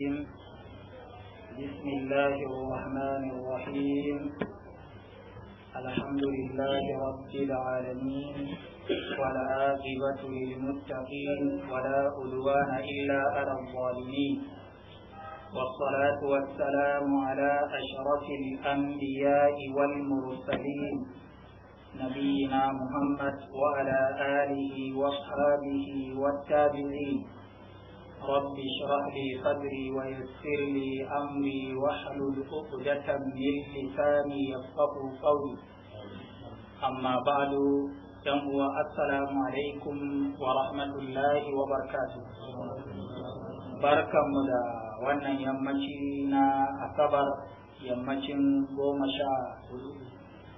بسم الله الرحمن الرحيم الحمد لله رب العالمين والعاقبة للمتقين ولا عدوان إلا على الظالمين والصلاة والسلام على أشرف الأنبياء والمرسلين نبينا محمد وعلى آله وأصحابه والتابعين رب اشرح لي صدري ويسر لي أمري واحلل عقدة من لساني يفقه قولي أما بعد ينبوى السلام عليكم ورحمة الله وبركاته mu da wannan yammaci na asabar yammacin goma sha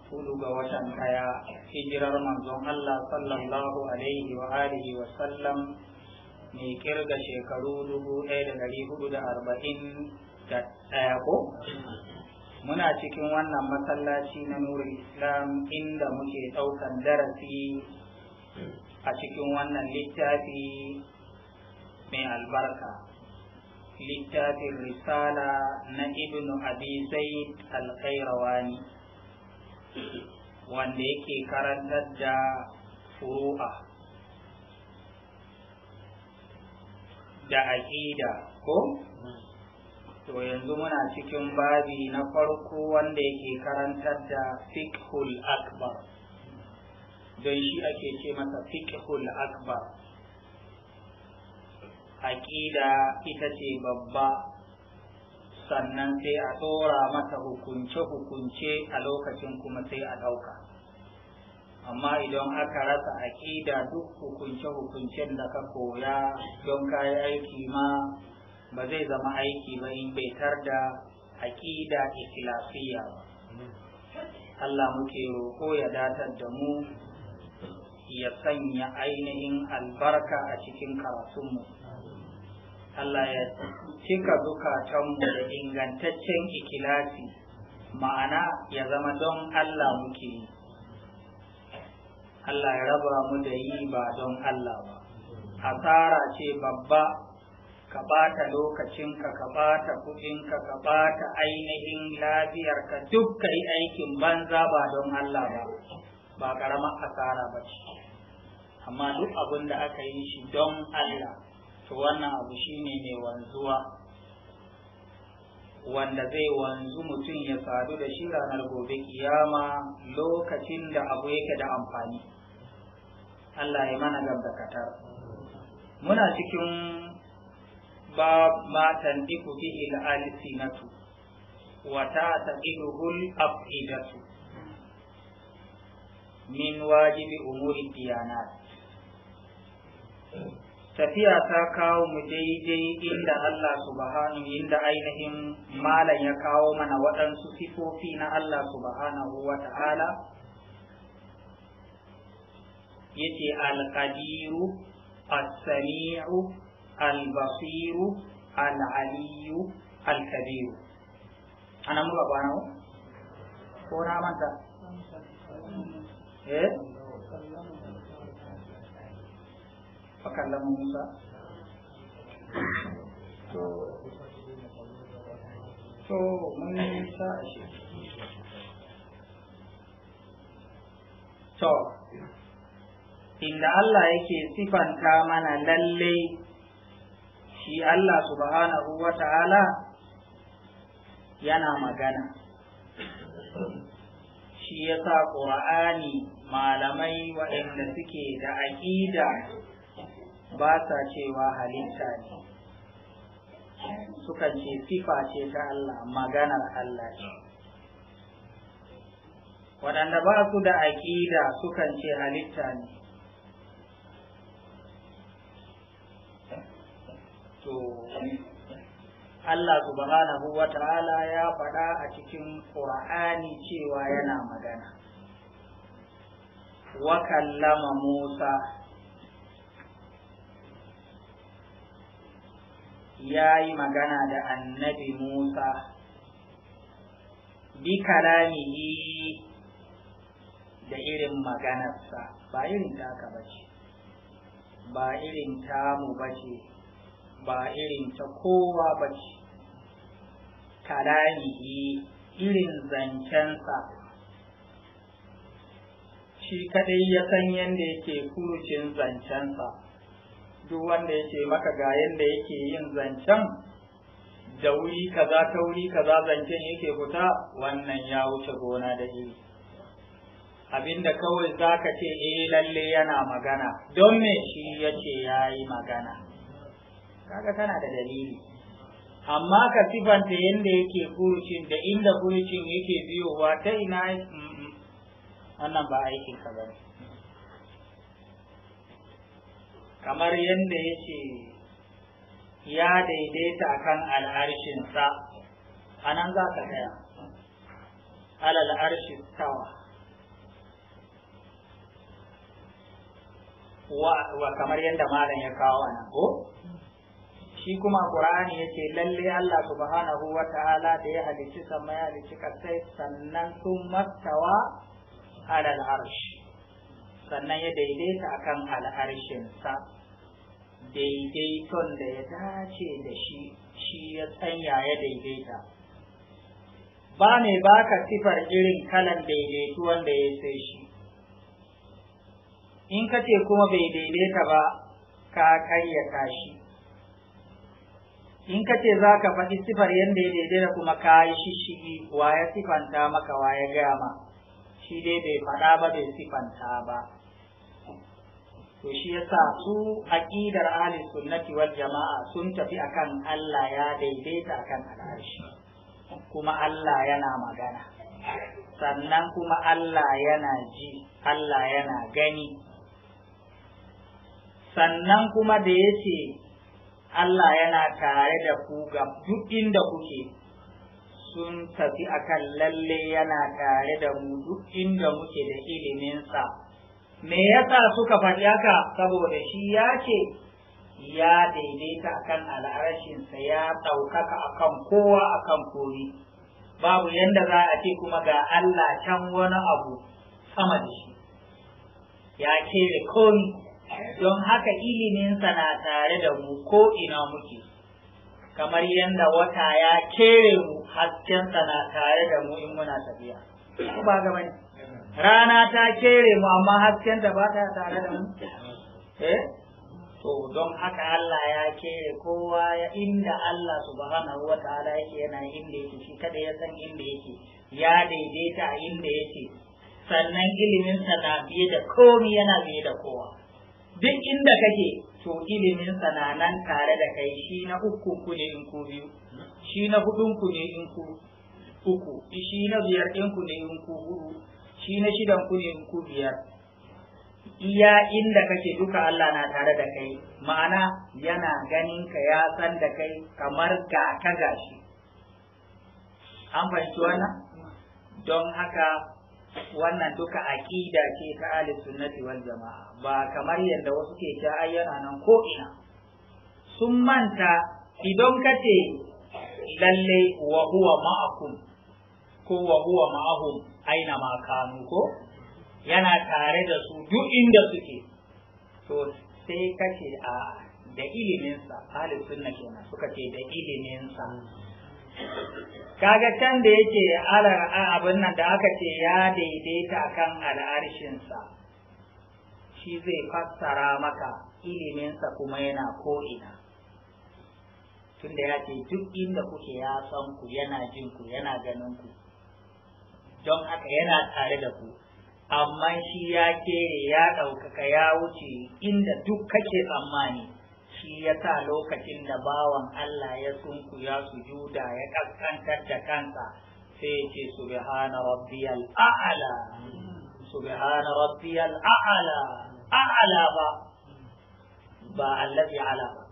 hudu ga watan ɗaya hijirar manzon Allah sallallahu alaihi wa alihi wa sallam mai kirga shekaru dubu ɗaya da ɗari hudu da arba'in da ɗaya ko muna cikin wannan masallaci na nuri islam inda muke ɗaukan darasi a cikin wannan littafi mai albarka littafin risala na ibnu abi zaid alkairawani wanda yake karantar da furu'a da aƙida ko to yanzu muna cikin babi na farko wanda yake karantar da fikhul akbar don shi ake ce masa fikhul akbar aƙida ita ce babba sannan sai a tsora mata hukunce-hukunce a lokacin kuma sai a ɗauka amma idan aka rasa aƙida duk hukunce-hukuncen da ka koya don kayi aiki ma ba zai zama aiki ba in bai da aƙida ikilafiya ba Allah muke roƙo ya datar da mu ya sanya ainihin albarka a cikin karatunmu Allah ya cika zukatanmu da ingantaccen ikilasi ma'ana ya zama don Allah muke yi Allah ya raba mu da yi ba don Allah ba asara ce babba ka ɓata lokacinka ka ɓata kuɗinka ka ɓata ainihin lafiyarka duk yi aikin banza ba don Allah ba ba ƙaramar asara ba ce amma duk abin da aka yi shi don Allah to wannan abu shine mai wanzuwa wanda zai wanzu mutum ya sadu da shi ranar gobe kiyama lokacin da abu yake da amfani Allah ya mana gabdakatar muna cikin ba matan iku bihi ila alsinatu wa ta'taqiduhu al-afidatu min wajibi umuri diyanat tafiya ta kawo mu daidai inda Allah subhanahu inda ainihin malam ya kawo mana waɗansu sifofi na Allah subhanahu wa ta'ala yace alqadiru as-sami'u al-basiru al-aliyu al-kabiru ana muka kwana ko na manta eh فكلم موسى to to mun inda Allah yake sifanta mana lalle shi Allah subhanahu wa ta'ala yana magana shi ya sa ƙura'ani malamai waɗanda suke da aƙida ba sa cewa halitta ne sukan ce sifa ce ta Allah maganar Allah ce waɗanda ba su da aƙida sukan ce halitta ne to Allah subhanahu wa ta'ala ya faɗa a cikin ƙur'ani cewa yana magana wa kallama Musa ya yi magana da annabi Musa bi kalamihi da irin maganarsa ba irin taka bace ba irin tamu bace ba irin ta kowa bace kalamihi irin zancensa shi kadai ya san yadda yake furucin zancensa duk wanda yake maka ga yanda yake yin zancen da wuri kaza ta wuri kaza zancen yake fita wannan ya wuce gona da iri abinda kawai za ka ce eh lalle yana magana don me shi ya ce ya yi magana kaga kana da dalili amma ka sifanta yanda yake furucin da inda furucin yake biyowa ta ina mm, mm, wannan ba aikinka ba ne kamar yadda ya ce ya daidaita akan al'arshinsa a nan za ka tsaya alal arshi tawa wa kamar yadda malam ya kawo nan ko shi kuma qur'ani ce lalle Allah subhanahu wa ta'ala da ya halicci sama ya halicci kasai sannan sun mastawa alal arshi sannan ya daidaita a akan al'arshinsa daidaiton da ya dace da shi shi ya tsanya ya daidaita ba mai baka sifar irin kalan daidaitu wanda ya sai shi in ka ce kuma bai daidaita ba ka karyata shi in ka ce za ka faɗi sifar yadda ya daidaita kuma ka yi shishigi wa ya sifanta maka wa ya gama shi dai bai faɗa ba bai sifanta ba to shi yasa su aqidar ahli sunnati wal jama'a sun tafi akan Allah ya daidaita akan al'arshi kuma Allah yana magana sannan kuma Allah yana ji Allah yana gani sannan kuma da yace Allah yana tare da ku ga duk inda kuke sun tafi akan lalle yana tare da mu duk inda muke da iliminsa me yasa suka faɗi haka saboda shi ya ce ya daidaita akan al'arashinsa ya ɗaukaka akan kowa akan kori babu yadda za a ce kuma ga Allah can wani abu sama da shi ya kere kori. don haka iliminsa na tare da mu ko ina muke kamar yadda wata ya kere mu haskensa na tare da mu in muna tafiya ba gaba ne rana ta kere mu amma hasken da ba ta tare da mu eh to don haka Allah ya kere kowa ya inda Allah subhanahu wa ta'ala yake yana inda yake shi kada ya san inda yake ya daidaita a inda yake sannan iliminsa na biye da komi yana biye da kowa duk inda kake to iliminsa na nan tare da kai shi na uku ku ne in ku biyu shi na hudun ku ne in ku uku shi na biyar in ku ne in ku huɗu. shi na shidan ku ku biyar iya inda kake duka Allah na tare da kai ma'ana yana ganin ka ya san da kai kamar ga ka gashi an fahimci wannan don haka wannan duka aƙida ce ta ahli sunnati wal jama'a ba kamar yadda wasu ke ta ayyana nan ko ina sun manta idan ka ce lalle wa huwa ma'akum ko wa huwa ma'ahum aina makamu ko yana tare da su duk inda suke to sai kace a da iliminsa Halin sunna kenan suka ce da iliminsa kaga can da yake ala abin nan da aka ce ya daidaita kan al'arshinsa shi zai fassara maka iliminsa kuma yana ko'ina tunda ya ce duk inda kuke ya san ku yana jin ku yana ganin ku don haka yana tare da ku amma shi ya kere ya ɗaukaka ya wuce inda duk kake tsammani shi ya sa lokacin da bawan Allah ya sunkuya sujuda ya kaskantar da kansa sai ya ce subhana rabbiyal a'la subhana rabbiyal a'ala. A'ala ba ba allazi ala ba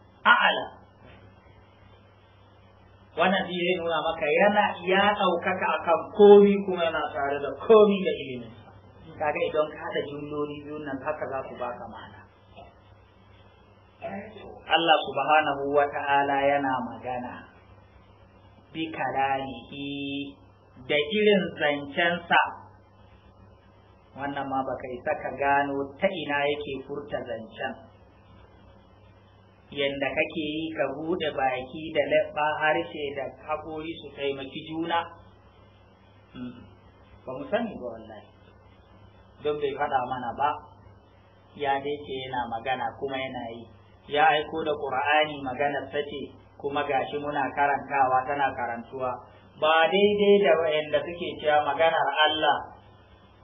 wannan shi zai nuna maka yana ya ɗaukaka akan komi kuma yana tare da komi da ilimin kaga idan ka haɗa jumloli biyu nan haka za su baka ma'ana Allah subhanahu wa ta'ala yana magana bi kalamihi da irin zancensa wannan ma baka isa ka gano ta ina yake furta zancen yadda kake yi ka bude baki da leɓa harshe da haƙori su taimaki juna hmm. ba mu sani ba wallahi don bai faɗa mana ba ya dai ce yana magana kuma yana yi ya aiko da ƙur'ani maganar sace kuma gashi muna karantawa tana karantuwa ba daidai da yanda suke cewa maganar Allah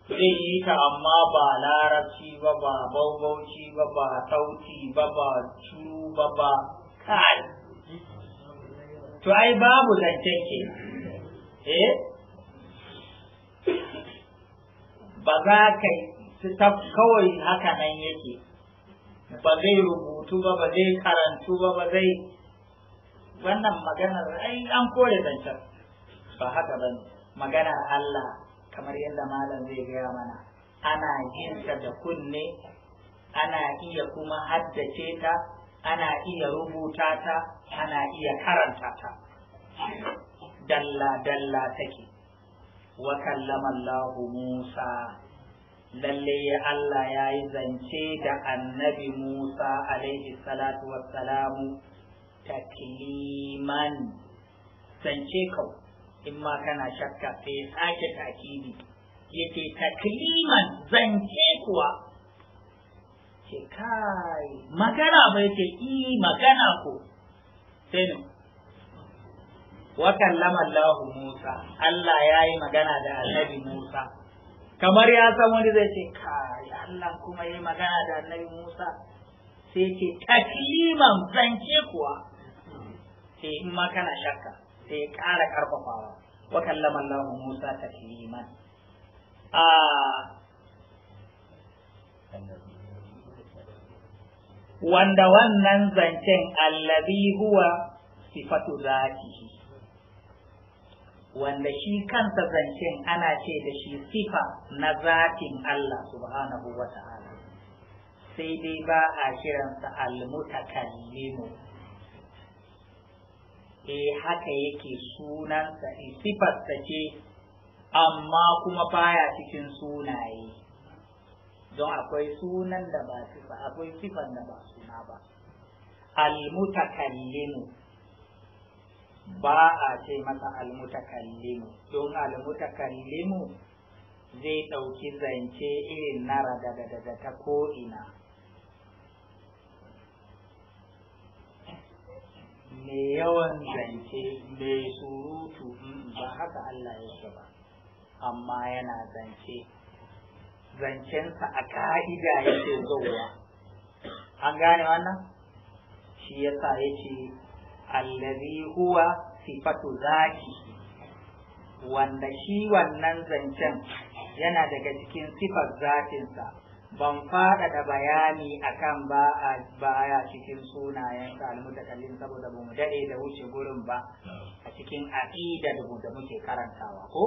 zai yi ta amma ba larabci ba ba baubauci ba ba sauti ba ba turu. tuba ba kai to ai babu zancen ke eh ba za ka ta kawai haka nan yake ba zai rubutu ba ba zai karantu ba ba zai wannan maganar ai an kore zancen ba haka ba maganar Allah kamar yadda malam zai gaya mana ana jinsa da kunne ana iya kuma haddace ta ana iya rubuta ta ana iya karanta ta dalla dalla take wa kallama Allah Musa lalle Allah ya yi zance da annabi Musa alaihi salatu wassalamu takliman zance kau in ma kana shakka sai sake takidi yake takliman zance kuwa ce kai magana ba yake i eh, magana ko sai ne wa kallama Allah Musa Allah ya yi magana da Annabi Musa kamar ya san wani zai ce kai Allah kuma yi magana da Annabi Musa sai ce takliman zance kuwa sai in ma kana shakka sai ya ƙara karfafawa wa kallama Allah Musa takliman ah. a wanda wannan zancen allazi huwa sifatu zatihi wanda shi kansa zancen ana ce da shi sifa na zatin Allah subhanahu wa ta'ala sai dai ba a shiransa almutakallimu E, haka yake sunansa eh, sifarsa ce amma kuma baya cikin sunaye don akwai sunan da ba sifa akwai sifan da ba su ba almutakallimu ba a ce masa almutakallimu don almutakallimu zai ɗauki zance irin na daga ta ko'ina mai yawan zance mai surutu ba haka Allah ya ba amma yana zance zancensa a ka'ida yake zauwa an gane wannan shi ya sa ya yace allazi huwa sifatu zaki wanda shi wannan zancen yana daga cikin sifar zafinsa, ban da bayani akan ba a baya cikin sunayen da kallin saboda ba mu daɗe da wuce gurin ba a cikin aƙidar da muke karantawa ko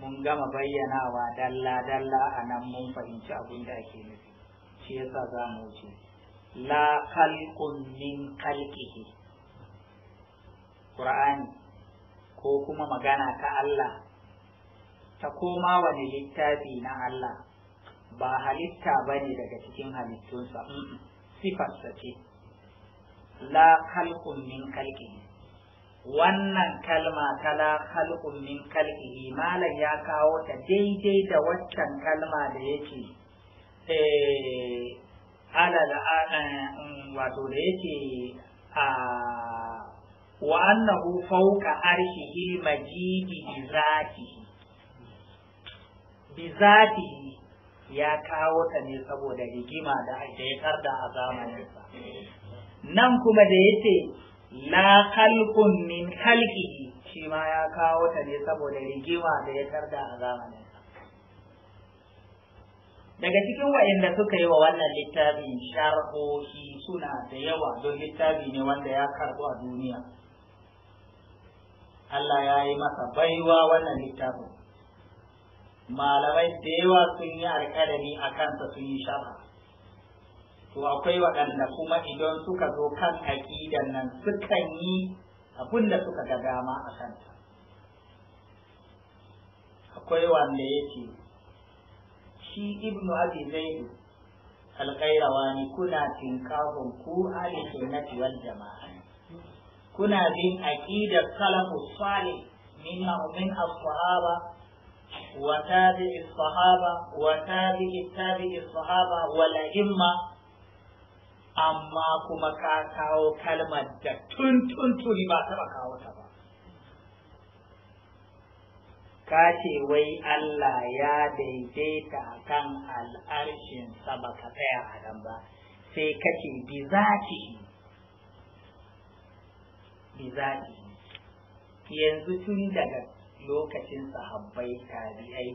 mun gama bayyanawa dalla dalla a nan mun fahimci abin da ake nufi shi yasa za mu wuce la khalqun min khalqihi Qur'ani ko kuma magana ta Allah ta koma wani littafi na Allah ba halitta bane daga cikin halittunsa sifarsa ce la khalqun min khalqihi wannan kalma ta la khalqun min khalqihi malam ya kawo ta daidai da waccan kalma da yake eh alal ah, eh, mm, wato da yake a ah, wa annahu fawqa arshihi majidi bizati bizati ya kawo ta ne saboda rigima da ya da a zamaninsa nan kuma da yace la khalqun min khalqihi shi ma ya kawo ta ne saboda rigima da ya da a zamaninsa daga cikin waɗanda suka yi wa wannan littafin sharhohi suna da yawa don littafi ne wanda ya karɓo a duniya Allah ya yi masa baiwa wannan littafin malamai da yawa sun yi alƙalami a kansa sun yi sharha to akwai waɗanda kuma idan suka zo kan aƙidan nan sukan yi abin da suka ga dama a kanta akwai wanda ya ce shi Ibnu abi zaid al kuna tinkahu ku ahli sunnati wal jama'a kuna bin aqidat salafus salih min min as-sahaba wa tabi'i as-sahaba wa tabi'i tabi'i as-sahaba wa la imma amma kuma ka kawo kalmar da tun tun tuni ba kawo ta ba ka ce wai Allah ya daidaita kan al'arshin ba ka tsaya a nan ba sai ka ce bi zaki bi zaki yanzu tun daga lokacin sahabbai tabi'ai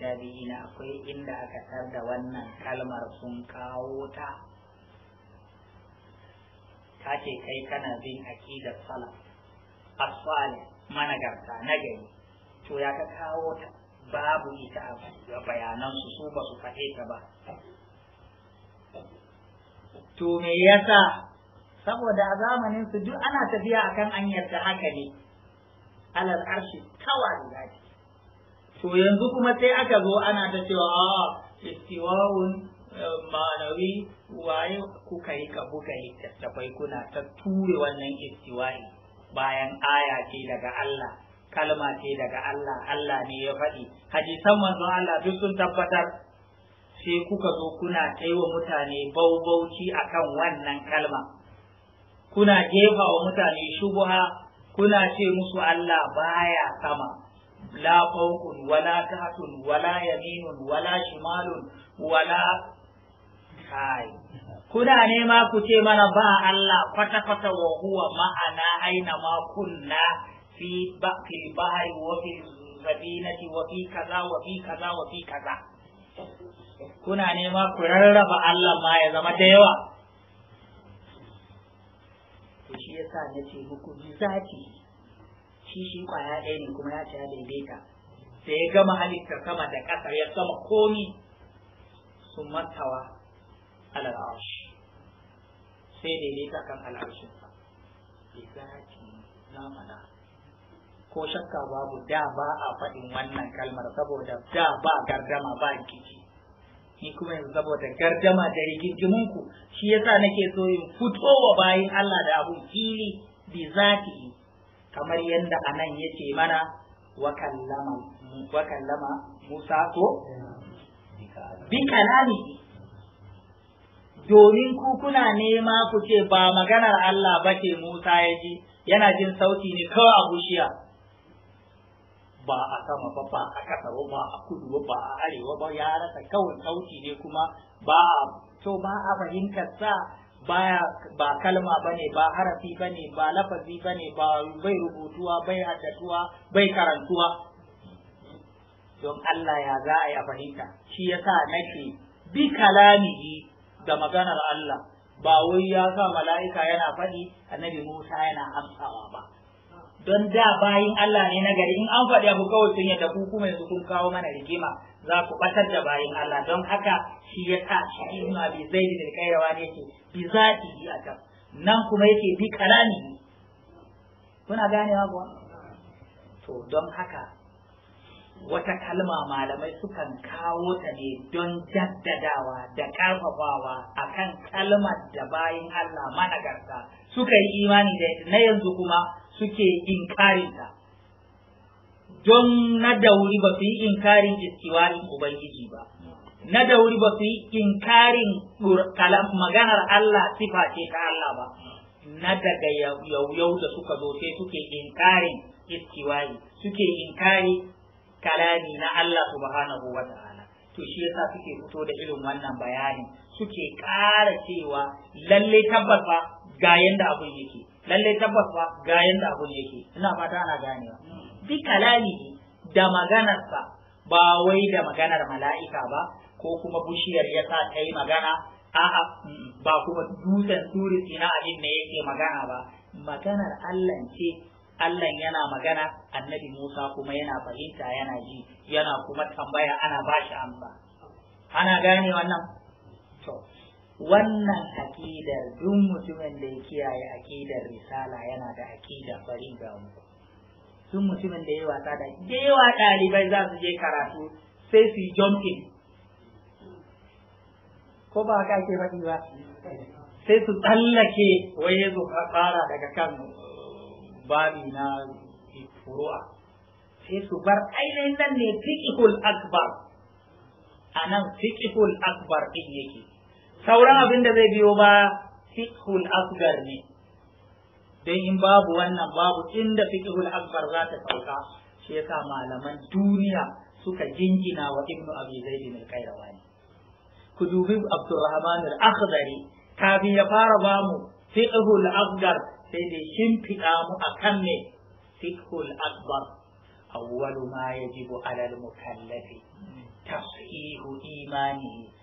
tabi'i ina akwai inda aka tar da wannan kalmar sun kawo ta ka ce kai kana bin aqidar salaf as-salih managarta nagari to ya ka kawo ta babu ita a bayanan su su ba su faɗe ta ba to me yasa saboda a zamanin su duk ana tafiya akan an yarda haka ne alal arshi kawai zaki to yanzu kuma sai aka zo ana ta cewa a ah, istiwa'un eh, ma'anawi waye kuka yi ka buga yi tattafai kuna ta ture wannan istiwa'i bayan aya ce daga Allah kalma ce daga Allah Allah ne ya faɗi hadisan manzon Allah duk sun tabbatar sai kuka zo kuna kaiwa mutane baubauci akan wannan kalma kuna jefa wa mutane shubuha kuna ce musu Allah baya sama la fawqun wala tahtun wala yaminun wala shimalun wala kai kuna nema ku ce mana ba Allah kwata kwata wa huwa ma'ana aina ma kunna في baƙil bahari وفي zabinati كذا وفي kaza وفي كذا kaza نيما kaza kuna nema ku rarraba Allah ma ya zama da yawa to nace muku zati shi shi kwaya ɗaya ne kuma ya ce ya daidaita Sai ya gama halittar sama da ƙasa ya sama komi sun matawa al'arshi sai daidaita kan al'arshinsa na ko shakka babu da ba a faɗin wannan kalmar saboda da ba gardama ba rikici ni kuma yanzu saboda gardama da rigingimin ku shi yasa nake so in fito wa bayin Allah da abun fili bi zati kamar yadda anan yake mana wa kallama wa kallama Musa ko bi kalami domin ku kuna nema ku ce ba maganar Allah ba ce Musa ya ji yana jin sauti ne kawai a bushiya ba a sama ba ba a kasa ba ba a kudu ba ba a arewa ba ya rasa kawai sauti ne kuma ba a to ba a fahimtar sa baya ba kalma bane ba harafi bane ba lafazi bane ba bai rubutuwa bai haddatuwa bai karantuwa don Allah ya za a ya fahimta shi yasa nake bi kalamihi da maganar Allah ba wai ya sa mala'ika yana faɗi annabi Musa yana amsawa ba don da bayin Allah ne nagari in an faɗi abu kawai sun yadda ku kuma yanzu kun kawo mana rigima za ku ɓatar da bayin Allah don haka shi ya sa shi ibnu abi zaid da kairawa ne yake bi zati a can nan kuma yake bi kalani kuna ganewa kuwa to don haka wata kalma malamai sukan kawo ta ne don jaddadawa da karfafawa akan kalmar da bayin Allah managarta suka yi imani da na yanzu kuma suke ta don na dauri ba su yi inkarin istiwa'in ubangiji ba na dauri ba su yi inkarin maganar Allah sifa ce ta Allah ba na daga yau da suka zo sai suke inkarin istiwa'i suke inkari kalami na Allah subhanahu wa ta'ala to shi yasa suke fito da irin wannan bayanin suke ƙara cewa lalle tabbata ga yanda abin yake lallai tabbas ba ga yanda abun yake ina fata ana ganewa bi kalami da maganarsa ba wai da maganar mala'ika ba ko kuma bushiyar ya sa ta yi magana a'a ba kuma dutsen turi na abin da yake magana ba maganar Allah ce Allah yana magana annabi Musa kuma yana fahimta yana ji yana kuma tambaya ana ba shi amsa ana gane wannan to wannan aƙidar duk mutumin da ya kiyaye aƙidar risala yana da aƙidar bari ga mu duk mutumin da ya wasa da da yawa ɗalibai za su je karatu sai su yi jumping ko ba ka ke faɗi ba sai su tsallake waye zo fara daga kan babi na furu'a sai su bar ainihin nan ne fiƙihul akbar anan fiƙihul akbar ɗin yake sauran abin da zai biyo ba fiqhul asgar ne don in babu wannan babu inda fiqhul akbar za ta sauka shi yasa malaman duniya suka jingina wa ibnu abi zaid mai kairawani ku dubi abdurrahman al-akhdari kafin ya fara bamu fiqhul akbar sai dai shimfiɗa mu akan ne fiqhul akbar awwalu ma yajibu alal mukallafi tashihu imanihi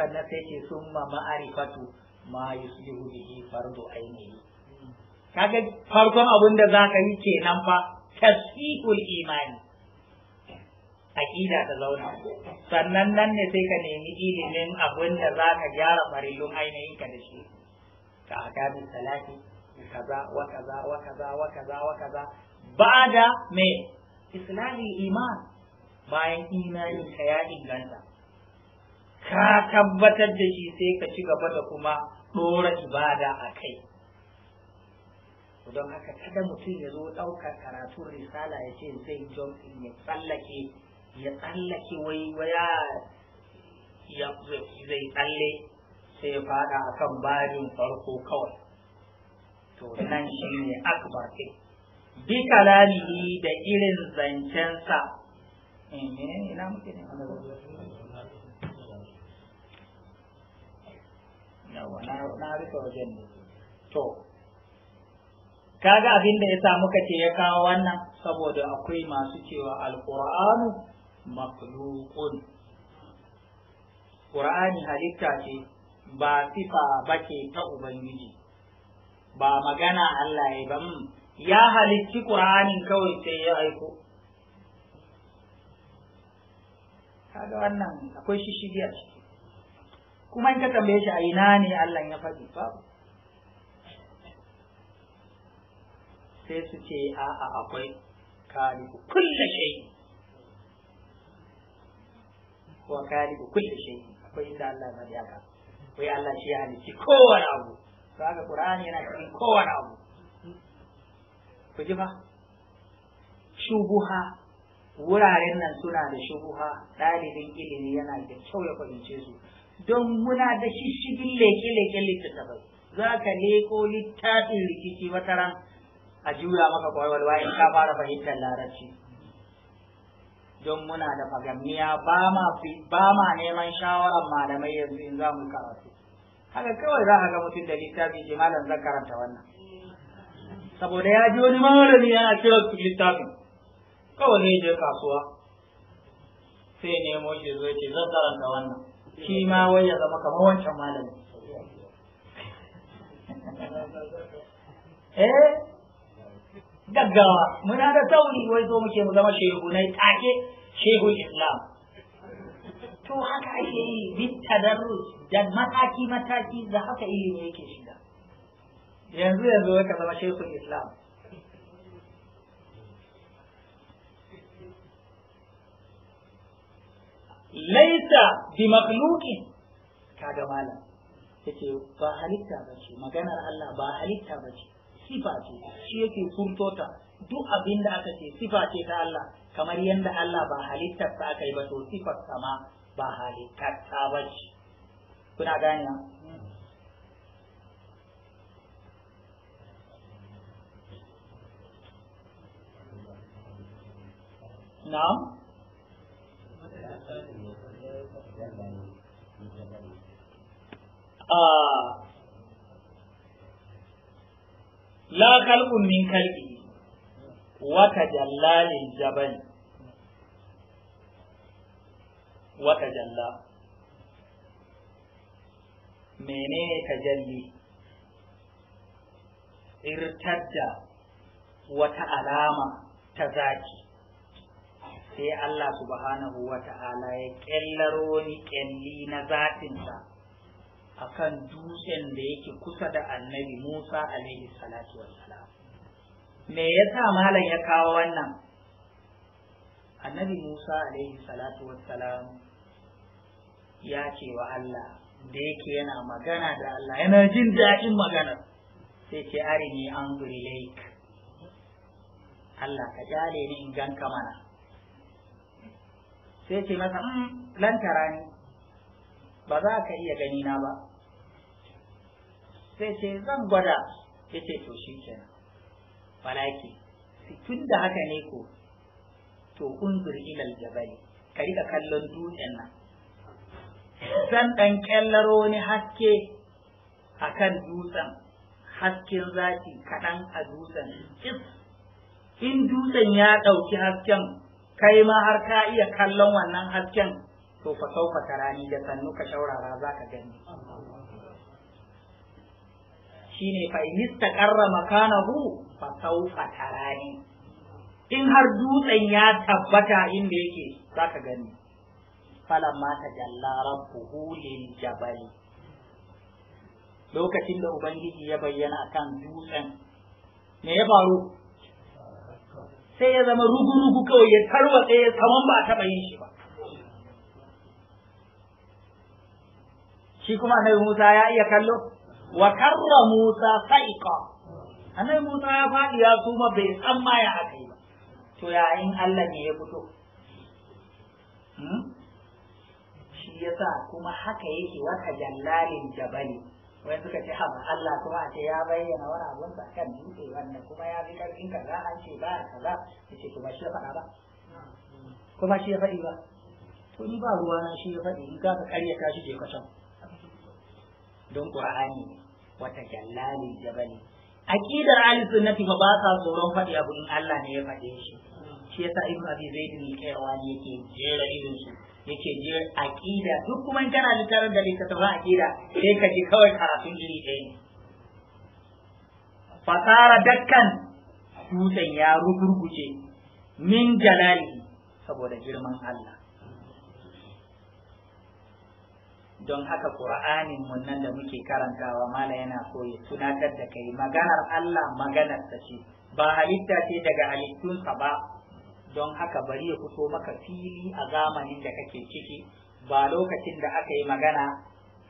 sannan sai ce summa ma'arifatu ma yusbihu bihi fardu ainihi kaga farkon abin da za ka yi kenan fa tasihul imani ƙida ta zauna sannan nan ne sai ka nemi ilimin abin da za ka gyara farilun ainihin ka da shi ka akamin salati kaza wa kaza wa kaza wa kaza wa kaza da me islami iman bayan imani ka ya inganta ka tabbatar da shi sai ka ci gaba da kuma ɗora ibada a kai don haka kada mutum ya zo ɗaukar karatun risala ya ce zai jokin ya tsallake ya tsallake wai waya ya zai tsalle sai ya fada a kan barin farko kawai to nan shi ne akbar ɗin bi kalamihi da irin zancensa ina muke ne na rika wajen ne to kaga abin da ya sa muka ce ya kawo wannan saboda akwai masu cewa alqur'anu makhluqun qur'ani halitta ce ba sifa bace ta ubangiji ba magana Allah ya ba mm. ya halicci qur'anin kawai sai ya aiko kaga wannan akwai shi shi kuma in ka tambaye shi a ina ne Allah ya faɗi ba? sai su ce a'a akwai ku kulle Ko kari ku kulle shi akwai inda Allah ya daga wai Allah shi ya halicci kowane abu to Qur'ani yana cikin kowane abu ku ji ba shubuha wuraren nan suna da shubuha ɗalibin ilimi yana da kyau ya fahimce su don muna da shishigin leke leke littattafai za ka leko littafin rikici wata ran a juya maka kwakwalwa in ka fara fahimtar larabci don muna da fagammiya, ba ma neman shawarar malamai yanzu in za mu karatu haka kawai za a ga mutum da littafi ce malam zan karanta wannan saboda ya ji wani malami yana su littafin kawai ne je kasuwa sai nemo shi zo ce zan karanta wannan shi ma wai ya zama kamar wancan malami eh gaggawa muna da sauri wai zo muke mu zama na take shehu islam to haka ake yi bin tadarrus da mataki mataki da haka ilimi yake shiga yanzu yanzu ka zama shehu islam laisa bi makhluqin kaga malam yace ba halitta ba ce maganar Allah ba halitta ba ce sifa ce shi yake furtota duk abin da aka ce sifa ce ta Allah kamar yadda Allah ba halitta ta aka yi ba to sifar sama ba halitta ta ba ce kuna gane na'am la kalbun min kalbi waka jallalin jabal waka jalla menene tajalli irtadda wata alama ta zaki sai Allah subhanahu wa ta'ala ya ƙyallaro ni ƙyalli na zatinsa a kan dutsen da yake kusa da annabi Musa alaihi salatu wassalam. Me yasa malam ya kawo wannan? Annabi Musa alaihi salatu wassalam ya ce wa Allah da yake yana magana da Allah yana jin daɗin magana. sai ce arini an Allah ka jale ni in ganka mana. sai ce masa lantara mm, ne ba za ka iya gani na ba sai ce zan gwada ya ce to shi kenan falaki tun da haka ne ko to unzur ilal jabali ka rika kallon dutsen nan zan dan kyallaro ni haske a kan dutsen hasken zafi kaɗan a dutsen in dutsen ya ɗauki hasken kai ma har ka iya kallon wannan hasken to fa fa tarani da sannu ka shaurara za ka gani Shi ne fa inista karra hu fa fa tarani in har dutsen ya tabbata inda yake za ka gani falamma tajalla rabbuhu lil jabali lokacin da ubangiji ya bayyana kan dutsen me ya faru sai ya zama rugu-rugu kawai ya tarwa ya saman ba a taɓa yin shi ba shi kuma annabi Musa ya iya kallo wa karra Musa sa'iqa annabi Musa ya faɗi ya kuma bai san ma ya yi ba to yayin Allah ne ya fito hmm? shi yasa kuma haka yake wata jallalin jabali wai suka ce haba Allah kuma a ce ya bayyana wani abun sa kan dutse wannan kuma ya bi karfin kaza an ce ba kaza yace to ba shi ya faɗa ba kuma shi ya faɗi ba to ni ba ruwa na shi ya faɗi in ka karya ka shi je kwacan don qur'ani wata jallali jabali aqidar ahli sunnati fa ba sa tsoron faɗi abun Allah ne ya faɗe shi shi yasa ibnu abi zaid ne rawani yake jera idan shi. yake je aqida duk kuma kana littafin da littafin aqida sai ka ji kawai karatun iri ɗaya ne fasara dakkan dutsen ya rugurguje min jalali saboda girman Allah don haka ƙura'anin mun nan da muke karantawa mala yana so ya tunatar da kai maganar Allah maganar ta ce ba halitta ce daga halittunsa ba don haka bari ya fito maka fili a zamanin da kake ciki ba lokacin da aka yi magana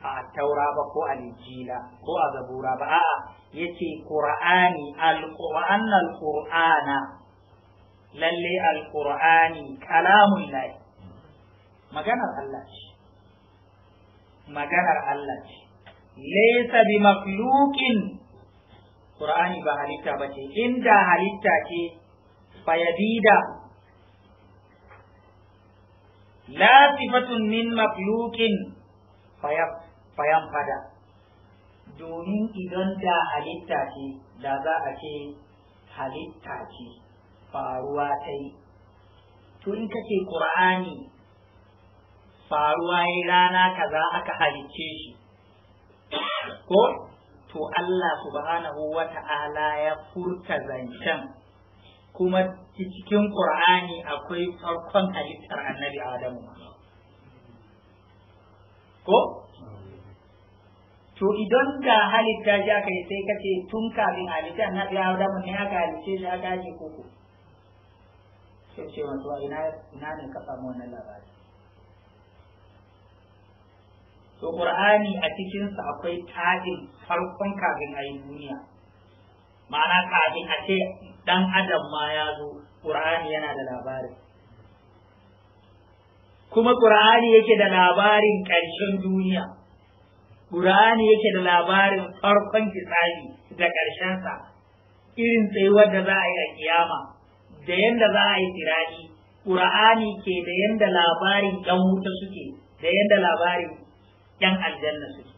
a taura ba ko a lijila ko a zabura ba a'a yace qur'ani alquran alqur'ana lalle alqur'ani kalamun lahi maganar Allah ce maganar Allah ce laysa bi makhluqin qur'ani ba halitta bace inda halitta ce fayadida la sifatun min fayan fada. domin idan da halitta ce da za a ce halitta ce faruwa ta yi to in kace qur'ani faruwa yi rana kaza aka halicce shi ko to Allah subhanahu wa ta'ala ya furta zancen kuma cikin ƙur'ani akwai farkon halittar annabi adamu ko to idan ga halitta shi aka yi sai kace tun kafin halitta na adamu ne aka halitta shi aka yi koko sai ce wato ina ina ne ka samu wannan labari to qur'ani a cikin sa akwai tajin farkon kafin yi duniya ma'ana kafin a ce dan adam ma ya zo ƙur'ani yana da labarin kuma ƙur'ani yake da labarin ƙarshen duniya ƙur'ani yake da labarin farkon fitsari da ƙarshensa irin sai da za a yi a kiyama da yadda za a yi tirani qur'ani ke da yadda labarin ɗan wuta suke da yadda labarin ɗan aljanna suke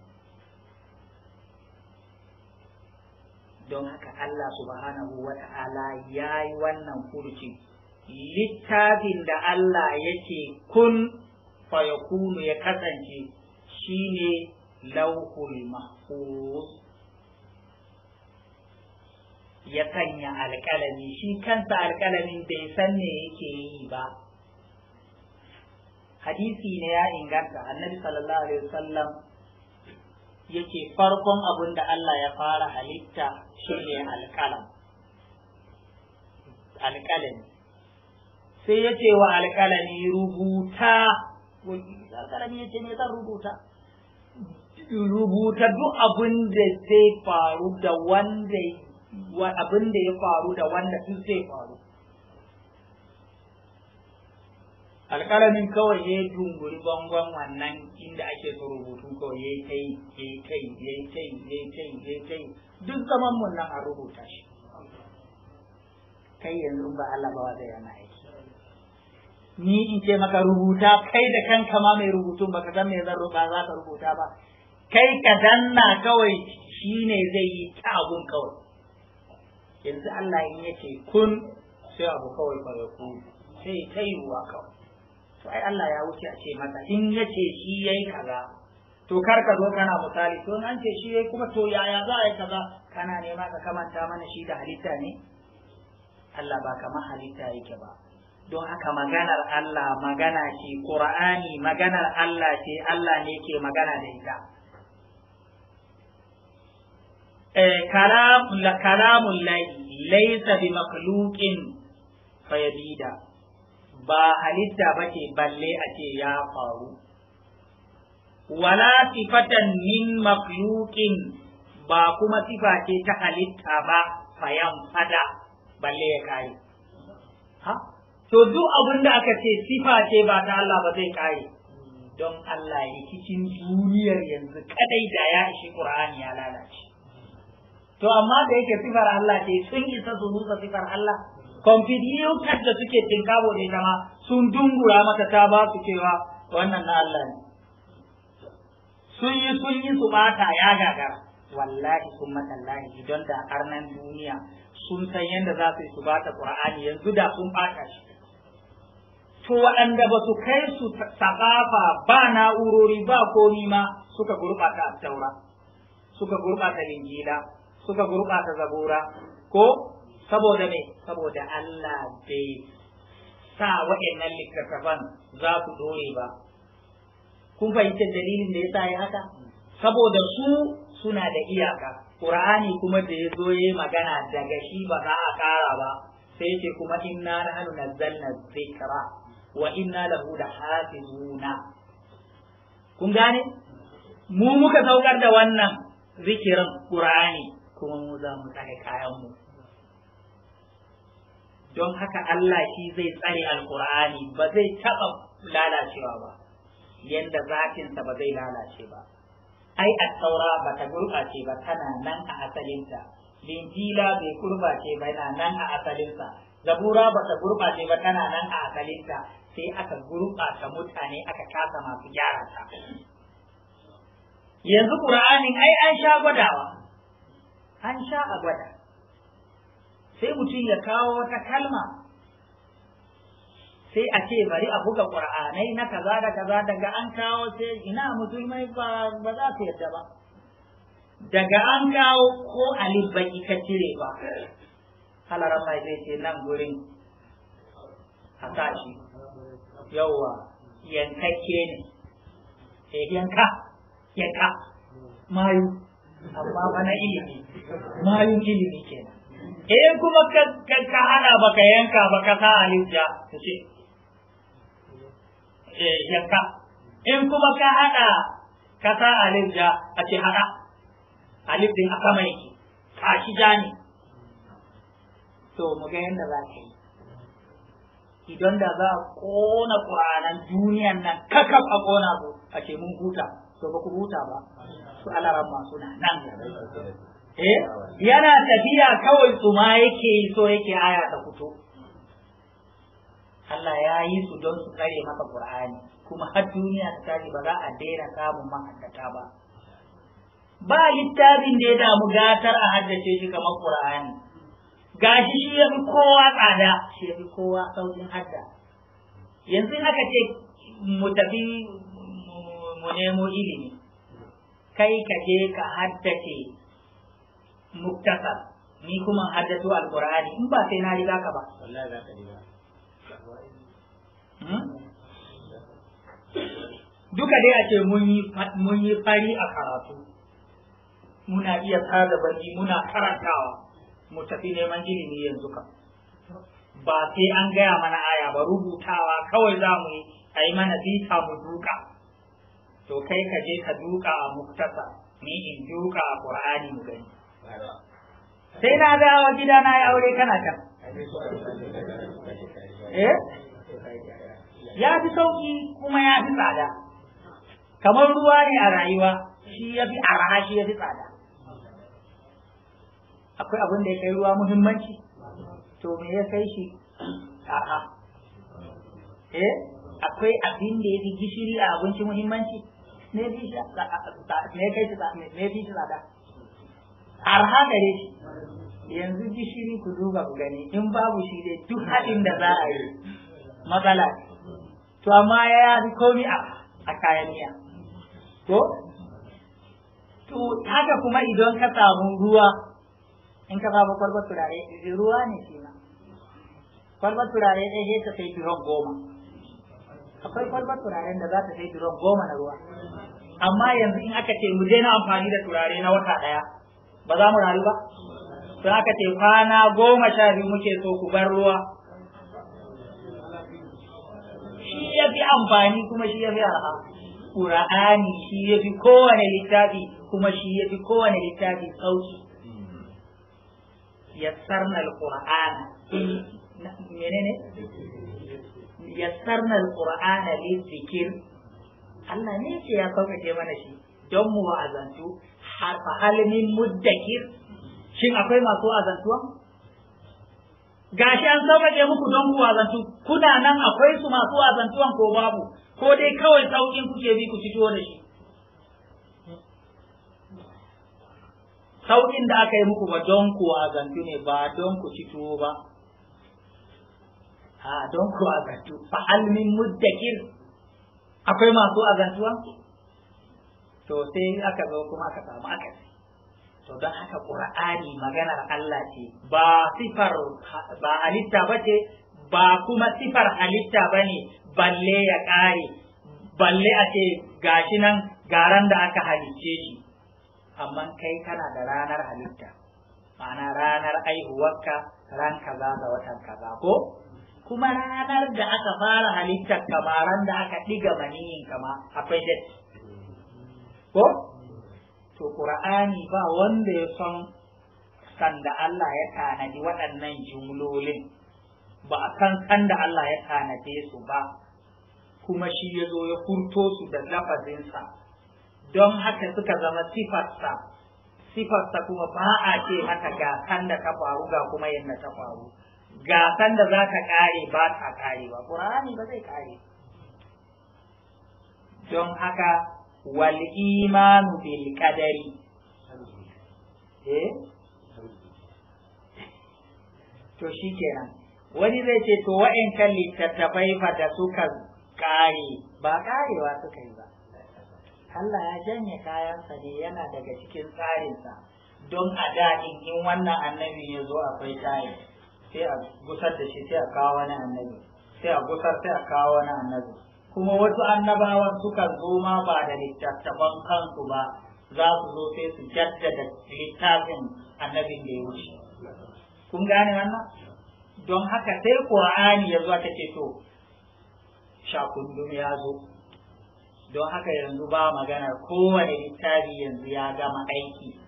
don haka Allah subhanahu wa ta'ala ya yi wannan furci littafin da Allah yake kun fayakunu ya kasance shine lauhul mahfuz ya sanya alƙalami shi kansa alƙalamin bai san me yake yi ba hadisi ne ya inganta annabi sallallahu alaihi wasallam yake farkon abin da Allah ya fara halitta ne alƙalam alƙalami sai ya ce wa alƙalami rubuta alƙalami ya ce me zan rubuta rubuta duk abin da zai faru da wanda abin da ya faru da wanda duk zai faru alƙalamin kawai ya yi dunguri bangon wannan inda ake so rubutu kawai ya yi kai ya yi kai ya yi kai ya yi kai ya yi kai duk zaman mun nan a rubuta shi kai yanzu ba Allah ba wanda yana aiki ni in ce maka rubuta kai da kanka ma mai rubutun baka san me zan ruba za ka rubuta ba kai ka danna kawai shine zai yi ta abun kawai yanzu Allah in yace kun sai abu kawai ba ya yakun sai kai ruwa kawai to ai Allah ya wuce a ce maka in ya ce shi yayi kaza to kar ka zo kana misali to an ce shi yayi kuma to yaya za a yi kaza kana nema ka kamanta mana shi da halitta ne Allah ba kamar halitta yake ba don haka maganar Allah magana ce Qur'ani maganar Allah ce Allah ne ke magana da ita eh, kalamun Lai, laisa bi makhluqin fayabida ba halitta ba ce balle a ce ya faru wala sifatan min makhluqin ba kuma sifa ce ta halitta ba fayan fada balle ya kare ha to duk abin da aka ce sifa ce ba ta Allah ba zai kare don Allah rikicin duniyar yanzu kadai da ya ishi Qur'ani ya lalace to amma da yake sifar Allah ce sun isa su nutsa sifar Allah kwamfidiyar da suke tinkabo da ita ma sun dungura maka ta ba su cewa wannan na Allah ne sun yi sun yi su bata ya gagara wallahi sun matallahi idan da arnan duniya sun san yadda za su yi su bata qur'ani yanzu da sun bata shi to waɗanda ba su kai su saƙafa ba na'urori ba komi ma suka gurɓata taura suka gurɓata linjila suka gurɓata zabura ko saboda me saboda Allah bai sa waɗannan littattafan za ku dore ba kun fahimtar dalilin da ya sa ya haka saboda su suna da iyaka Qur'ani kuma da ya zo ya magana daga shi ba za a ƙara ba sai ce kuma inna nahnu nazzalna dhikra wa inna lahu lahafizuna kun gane mu muka saukar da wannan zikirin Qur'ani kuma mu za mu kayan mu don haka Allah shi zai tsare alkur'ani ba zai taɓa lalacewa ba yadda zafinsa ba zai lalace ba ai at taura ba ta gurɓace ba tana nan a asalinta linjila bai gurɓace ba yana nan a asalinsa zabura ba ta gurɓace ba tana nan a asalinta sai aka gurɓata mutane aka kasa masu gyara ta yanzu ƙur'anin ai an sha gwadawa an sha a gwada sai mutum ya kawo wata kalma sai a ce bari a buga ƙur'anai na kaza da kaza daga an kawo sai ina musulmai ba za su yadda ba daga an kawo ko alibai ka cire ba halarar mai zai ce nan gurin a sa shi yauwa yankakke ne eh yanka yanka mayu amma bana ilimi mayu ilimi kenan eh kuma ka hana baka yanka baka sa alif ja ta ce eh yanka in kuma ka hada ka sa alif a ce hada alif din a sama yake shi ja ne to mu ga yadda za ka yi idan da za a kona ƙuranan duniyan nan kakaf a kona su a ce mun huta to ba ku huta ba su alaran masu na nan eh yana tafiya kawai su ma yake yi so yake aya ta fito Allah ya yi su don su kare maka Qur'ani kuma har duniya ta tashi ba za a daina samun mahaddata ba ba littafin da ya damu gatar a haddace shi kamar Qur'ani gashi shi ya fi kowa tsada shi ya fi kowa saukin hadda yanzu haka ce mu tafi mu nemo ilimi kai ka je ka haddace muktasar ni kuma haddato alqur'ani in ba sai na riga ka ba duka dai a ce mun yi fari a karatu muna iya tada baki muna karantawa mu tafi neman ilimi yanzu ka ba sai an gaya mana aya ba rubutawa kawai za mu yi a yi mana bita mu duka to kai ka je ka duka a muktasa ni in duka a ƙur'ani mu gani sai na dawo gida na yi aure kana can eh ya fi sauki kuma ya fi tsada kamar ruwa ne a rayuwa shi ya fi arha shi ya fi tsada akwai abin da ya kai ruwa muhimmanci to me ya kai shi arha eh akwai abin da ya fi gishiri a abinci muhimmanci me ya fi shi tsada arha gare shi yanzu gishiri ku duba ku gani in babu shi dai duk haɗin da za a yi matsala to amma ya yi komi a kayan miya to to haka kuma idan ka samu ruwa in ka samu kwalbar turare ruwa ne shi ma kwalbar turare ɗaya sai ta sai biron goma akwai kwalbar turaren da za ta sai turon goma na ruwa amma yanzu in aka ce mu daina amfani da turare na wata ɗaya ba za mu rayu ba to aka ce kwana goma sha biyu muke so ku bar ruwa shi ya fi amfani kuma shi ya fi arha ƙura'ani shi ya fi kowane littafi kuma shi ya fi kowane littafi sauki yassarna al-qur'an menene yassarna al-qur'ana lizikir Allah ne ce ya sauƙaƙe mana shi don mu wa'azantu halin muddakir shin akwai masu azantuwa gashi an sauƙaƙe muku don ku azantu kuna nan akwai su masu azantuwan ko babu ko dai kawai sauƙin kuke bi ku fito da shi sauƙin da aka yi muku ba don ku azantu ne ba don ku fito ba a don ku azantu fa almin muddakir akwai masu azantuwa to sai aka zo kuma aka samu akasi to don haka qur'ani maganar Allah ce ba sifar ba halitta ba ce ba kuma sifar halitta bane ne balle ya ƙare balle a ce gashi nan garan da aka halicce shi amma kai kana da ranar halitta ma'ana ranar aihuwarka ran kaza da watan kaza ko kuma ranar da aka fara halittar kama ran da aka ɗiga maniyin kama akwai da. ko to qur'ani ba wanda ya san sanda Allah ya tanadi waɗannan jumlolin ba a san sanda Allah ya tanade su ba kuma shi ya zo ya furto su da lafazinsa don haka suka zama sifarsa sifarsa kuma ba a ce haka ga sanda ta faru ga kuma yadda ta faru ga sanda za ka kare ba ta kare ba ƙura'ani ba zai kare don haka wal imanu bil qadari eh to shikenan wani zai ce to kan littattafai fa da suka kare ba karewa suka yi ba Allah ya janye kayansa ne yana daga cikin tsarinsa don a daɗin in wannan annabi ya zo akwai tsari sai a gusar da shi sai a kawo wani annabi sai a gusar sai a kawo wani annabi kuma wasu annabawan suka zo ma ba da littattafan kansu ba za su zo sai su jaddada littafin annabin da ya wuce kun gane wannan don haka sai ƙur'ani ya zo aka ce to shakundum ya zo don haka yanzu ba magana kowane littafi yanzu ya gama aiki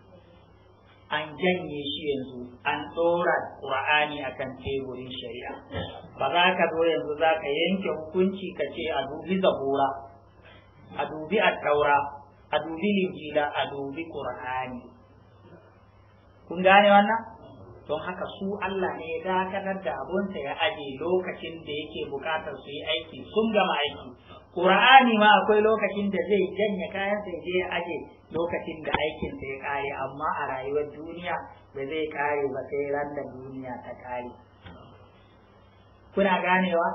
an janye shi yanzu an ƙura'ani ƙur'ani kan teburin shari'a ba za ka zo yanzu za ka yanke hukunci ka ce a dubi zabura a dubi attaura a dubi injila a dubi ƙur'ani kun gane wannan don haka su Allah ne ya dakatar da abunsa ya aje lokacin da yake bukatar su yi aiki sun gama aiki Qur'ani ma akwai lokacin da zai janye kayan sai je aje lokacin da aikin da ya kare amma a rayuwar duniya ba zai kare ba sai ran da duniya ta kare kuna ganewa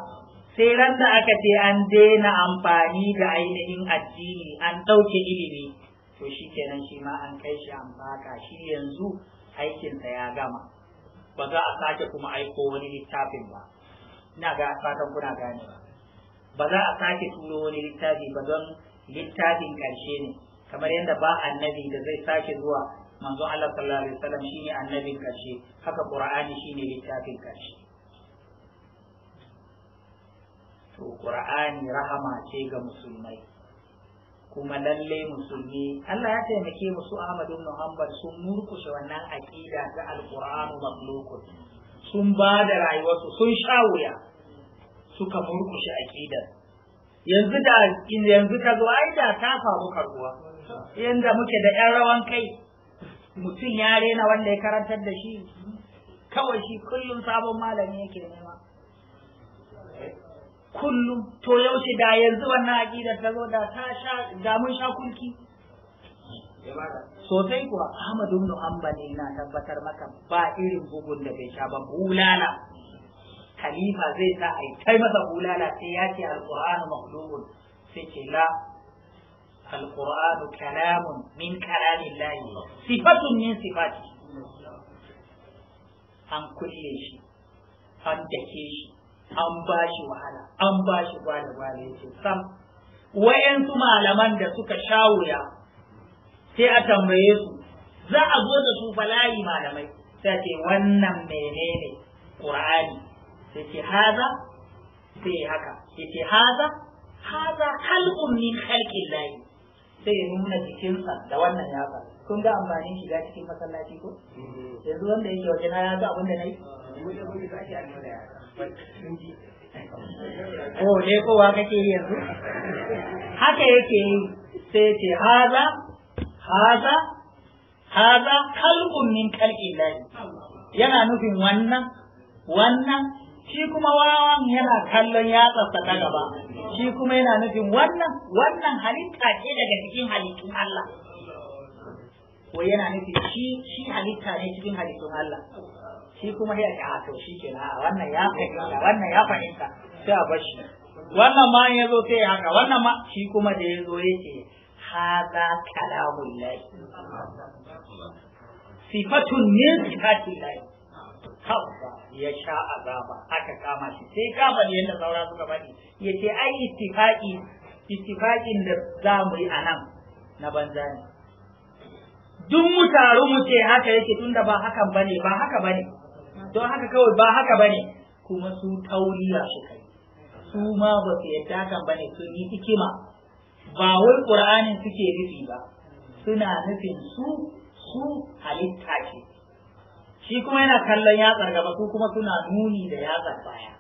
sai ran da aka ce an daina amfani da ainihin addini an ɗauke ilimi to shi kenan shi ma an kai shi amfaka. shi yanzu aikinsa ya gama ba za a sake kuma aiko wani littafin ba ina ga fatan kuna ganewa ba za a sake turo wani littafi ba don littafin ƙarshe ne kamar yadda ba annabi da zai sake zuwa manzon Allah sallallahu alaihi wasallam shine annabin ƙarshe haka Qur'ani shine littafin ƙarshe to Qur'ani rahama ce ga musulmai kuma lalle musulmi Allah ya taimake mu su Ahmadu Muhammad sun murkushe wannan aqida ta al-Qur'anu makhluqun sun ba da rayuwarsu sun sha wuya suka murkushe aqidar yanzu da yanzu ka zo ai da ta faru karuwa yanda muke da yan rawan kai mutum ya rena wanda ya karantar da shi kawai shi kullum sabon malami yake nema kullum to yaushe da yanzu wannan aqidar ta zo da ta sha da mun sha kulki sosai kuwa Ahmadu ibn Hanbali na tabbatar maka ba irin bugun da bai sha ba bulala khalifa zai sa a yi kai masa bulala sai ya ce alqur'anu makhluqun sai ce la alqur'anu kalamun min layi, sifatun yin sifati an kulle shi an dake shi an ba shi wahala an ba shi gwale gwale yace sam wayansu malaman da suka shawuya sai a tambaye su za a zo da su falayi malamai sai ce wannan menene qur'ani sai ce haza sai ya haka sai ce haza haza halqun min khalqin lahi sai ya nuna sa da wannan ya fa kun ga amfanin shiga cikin masallaci ko mm-hmm. yanzu wanda yake waje na ya ga abin da nayi ko mm-hmm. oh, ne ko wa kake yanzu haka yake yi sai ce haza haza haza kalbun min kalbi lahi yana nufin wannan wannan shi kuma wawan yana kallon yatsarsa ta gaba shi kuma yana nufin wannan wannan halitta ce daga cikin halittun Allah wai yana nufin shi shi halitta ne cikin halittun Allah shi kuma ya ce ah, to shi ke na wannan ya fahimta wannan ya fahimta sai a bashi wannan ma ya zo sai haka wannan ma shi kuma da ya zo ya ce haza kalamun lahi sifatun min sifatin habba ya sha azaba aka kama shi sai kama ne yadda saura suka faɗi ya ce ai ittifaqi ittifaqin da za mu yi anan na banza ne duk mu taru mu ce haka yake tunda ba hakan bane ba haka bane don haka kawai ba haka bane kuma su tauriya su kai su ma ba su yadda hakan bane sun yi hikima ba wai qur'anin suke nufi ba suna nufin su su halitta ce shi kuma yana kallon yatsar gaba su kuma suna nuni da yatsar baya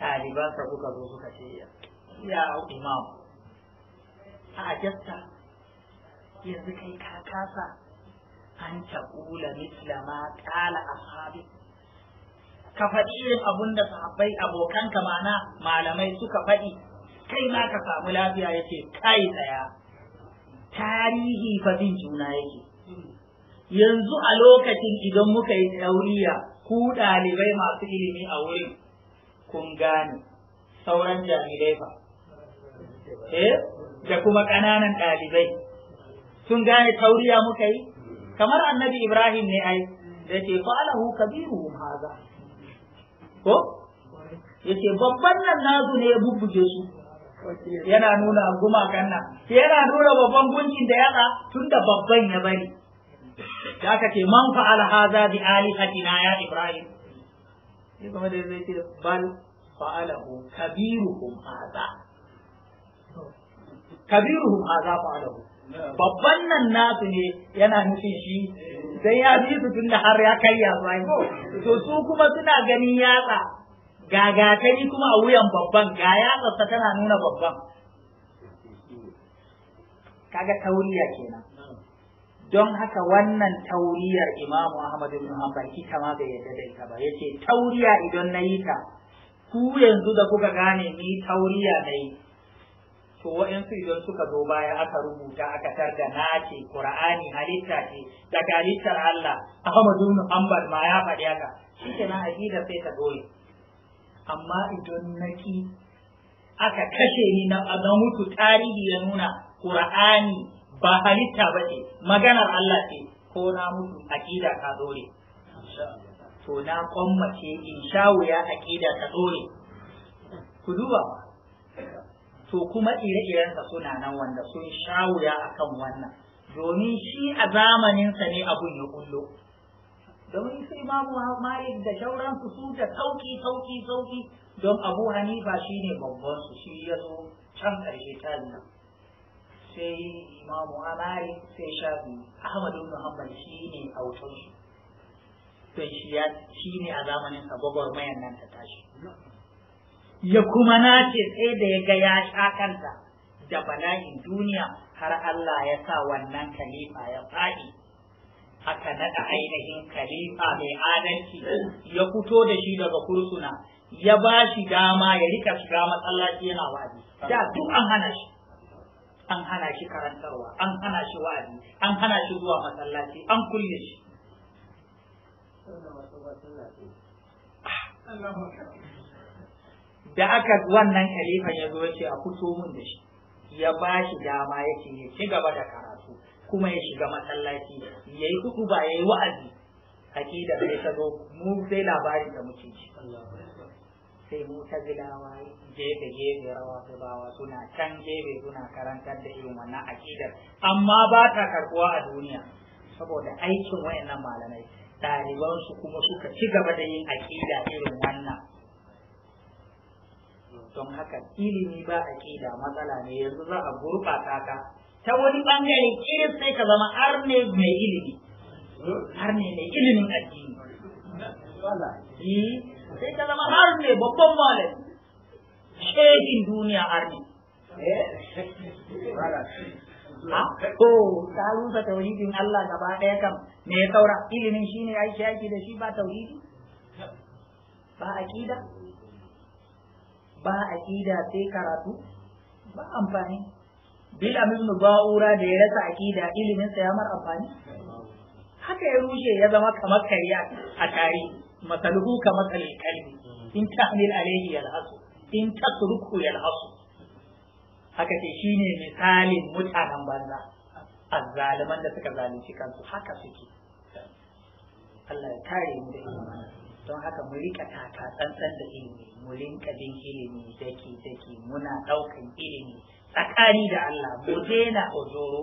ɗalibansa kuka zo suka ce ya imam a ajasta yanzu kai ka kasa an taƙula mitla ma ƙala ashabi ka faɗi yin abun da sahabbai abokanka mana malamai suka faɗi kai ma ka samu lafiya yake kai tsaya tarihi fa bin juna yake yanzu a lokacin idan muka yi tauriya ku ɗalibai masu ilimi a wurin kun gane sauran jami'ai fa eh da kuma ƙananan ɗalibai sun gane tauriya muka yi kamar annabi ibrahim ne ai da ce fa'alahu kabiru haza ko ce babban nan nazu ne ya bubbuge su yana nuna gumakan nan yana nuna babban gunkin da tun tunda babban ya bari da aka ce man fa'ala za bi Ali na ya ibrahim sai kuma da zai ce bal fa'alahu kabiruhum hadha kabiruhum hadha fa'alahu babban nan nasu ne yana nufin shi sai ya bi su tun da har ya kai ya ai to su kuma suna ganin yatsa gagatari kuma a wuyan babban ga ta tana nuna babban kaga tauriya kenan don haka wannan tauriyar Imam ahmad ibn hanbal ita ma bai yadda da ita ba yace tauriya idan na yi ta ku yanzu da kuka gane ni tauriya dai to to su idan suka zo baya aka rubuta aka targa na ce qur'ani halitta ce daga halittar Allah ahmad ibn hanbal ma ya faɗi haka na aqida sai ta dole amma idan naki aka kashe ni na mutu tarihi ya nuna qur'ani ba halitta ba ce maganar Allah ce ko na mutu aƙida ka zore to na kwammace in sha wuya aƙida ka zore ku duba to kuma ire-irensa suna nan wanda sun sha wuya kan wannan domin shi a zamaninsa ne abun ya kullo domin sai ma malik da shauransu su da sauki sauki sauki don abu hanifa ne babban su shi ya zo can ƙarshe ta sai imamu amari sai shafi ahmadu ibn hanbal shine wutar shi sai shi ya shine a zamanin sa mayan nan ta tashi ya kuma nace sai da ya ga ya sha da bala'in duniya har Allah ya sa wannan khalifa ya fadi aka naɗa ainihin khalifa mai adalci ya fito da shi daga kursuna ya ba shi dama ya rika shiga masallaci yana wadi da duk an hana shi an hana shi karantarwa an hana shi wa'azi an hana shi zuwa masallaci an kulle shi da aka wannan kalifan ya zo ya ce a fito mun da shi ya ba shi dama ya ce ya ci gaba da karatu kuma ya shiga masallaci ya yi hudu ba ya yi wa'azi da sai ta zo mu sai labarin da muke ci sai mutazilawa gefe gefe rawa bawa suna can gefe suna karantar da irin wannan akidar amma ba ta karbuwa a duniya saboda aikin wayannan malamai ɗaliban su kuma suka ci gaba da yin akida irin wannan don haka ilimi ba akida matsala ne yanzu za a gurɓata ka ta wani bangare kiris sai ka zama arne mai ilimi arne mai ilimin addini Hmm? sai ka zama har ne babban malam shehin duniya har ne ko ta rusa tauhidin Allah gaba ɗaya kam me ya saura ilimin shine aiki aiki da shi ba tauhidi ba aqida ba aqida sai karatu ba amfani bil amin ba'ura da ya rasa aqida ilimin sa ya mar amfani haka ya rushe ya zama kamar kariya a tarihi masaluhu ka masalil kalbi in tahmil alaihi yalhasu in tasruku yalhasu haka ce shine misalin mutanen banza azzaliman da suka zalunci kansu haka suke Allah ya kare mu da don haka mu rika taka tsantsan da ilimi mu rinka bin ilimi daki daki muna daukan ilimi tsakari da Allah mu daina ojoro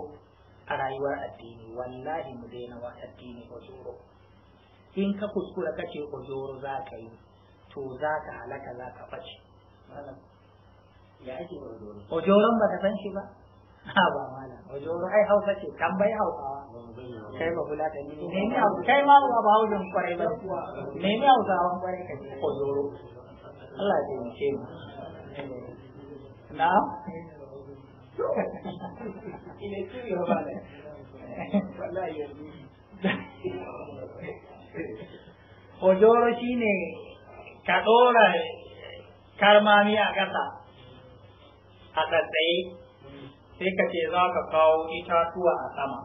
a rayuwar addini wallahi mu daina wa addini ojoro in ka kuskura ka ce ojoro za ka yi to za ka halaka za ka fashe ojoron ba ka san shi ba ha ba mana, ojoro ai hausa ce kan bai hausawa kai ba kula ta ne ni hausa kai ma ba hausan kwarai ba ne a hausawan kwarai ka ce ojoro Allah ya taimake mu na Ina ciri ba ne. Wallahi yanzu. ojoro shine ka ɗora karmami a ƙasa a tsatsaye sai ka ce za ka kawo itatuwa a sama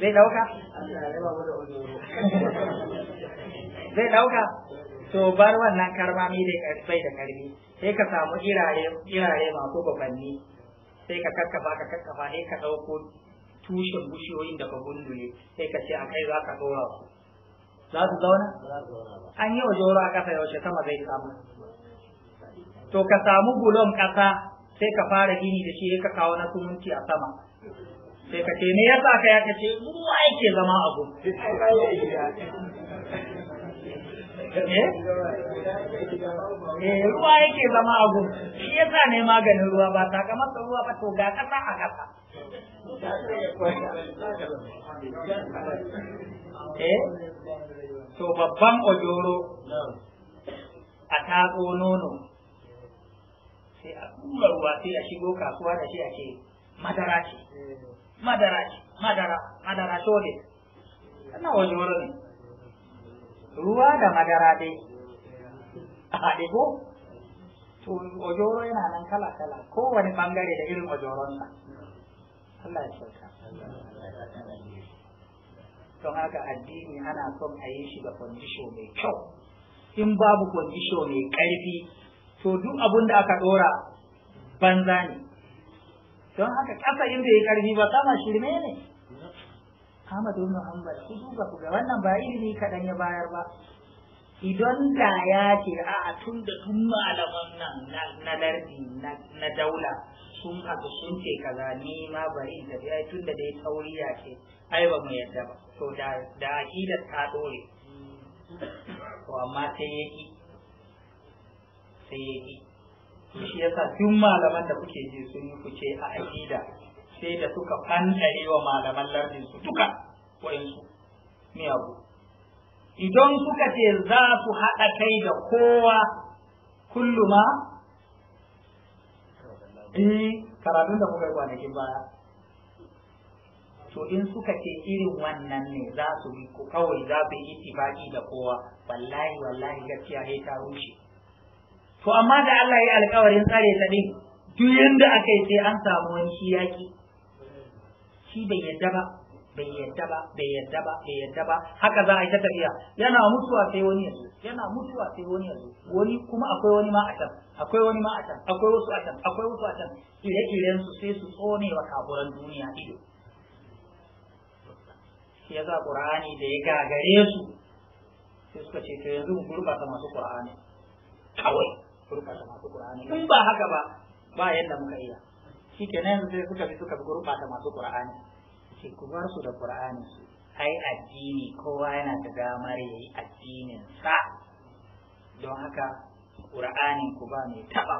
zai ɗauka? zai ɗauka? to bar wannan karmami da bai da karfi sai ka samu irare masu babanni sai ka kakkafa ka kakkafa sai ka ɗauko tushen bushiyoyin da ka gundule sai ka ce a kai za ka tsora su za su zauna an yi wa jora a ƙasa yaushe sama zai samu to ka samu bulon ƙasa sai ka fara gini da shi ka kawo na sumunci a sama sai ka ce me sa ka ya ce, ruwa yake zama abu eh? eh ruwa yake zama abu shi ya sa ne maganin ruwa ba sakamakon ruwa ba to ga kasa a kasa eh to babban ojoro a taɓo nono sai a kura ruwa sai a shigo kasuwa da shi a ce madara ce madara ce madara madara shole kana ojoro ne ruwa da madara dai a haɗe ko to ojoro yana nan kala kala kowane ɓangare da irin sa. Allah ya sauka don haka addini ana son a yi shi da kwandisho mai kyau in babu kwandisho mai ƙarfi to duk abin da aka ɗora banza ne don haka ƙasa in bai yi ƙarfi ba sama shirme ne Ahmadu Muhammad ku duba ku ga wannan ba ilimi kaɗan ya bayar ba idan da ya ce a tun da tun malaman nan na lardi na daula sun haka sun ce kaza ni ma bari in tafi ai tunda dai tauriya ce ai ba mu yadda ba to da da aqida ta dore to amma sai yaki sai yaki shi yasa duk malaman da kuke ji sun yi kuce a aqida sai da suka fandare wa malaman lardin su duka Ni abu. idan suka ce za su haɗa kai da kowa kulluma E, karatun da kuka yi kwanakin baya to in suka ce irin wannan ne za su bi ku kawai za su yi ittifaqi da kowa wallahi wallahi gaskiya sai ta rushe to amma da Allah ya alƙawarin tsare ta din duk yanda aka yi sai an samu wani shi yaki shi bai yadda ba bai yadda ba bai yadda ba bai yadda ba haka za a yi ta tafiya yana mutuwa sai wani yanzu yana mutuwa sai wani yanzu wani kuma akwai wani ma a can akwai wani ma a can akwai wasu a can akwai wasu a can ire-iren su sai su tsone wa kafuran duniya ido shi ya sa qur'ani da ya gagare su sai suka ce to yanzu mu gurbata masu qur'ani kawai gurbata masu qur'ani in ba haka ba ba yadda muka iya shi kenan sai suka bi suka gurbata masu qur'ani ce ku bar su da qur'ani ai addini kowa yana da damar yayi addinin sa don haka qur'anin ku ba mai taba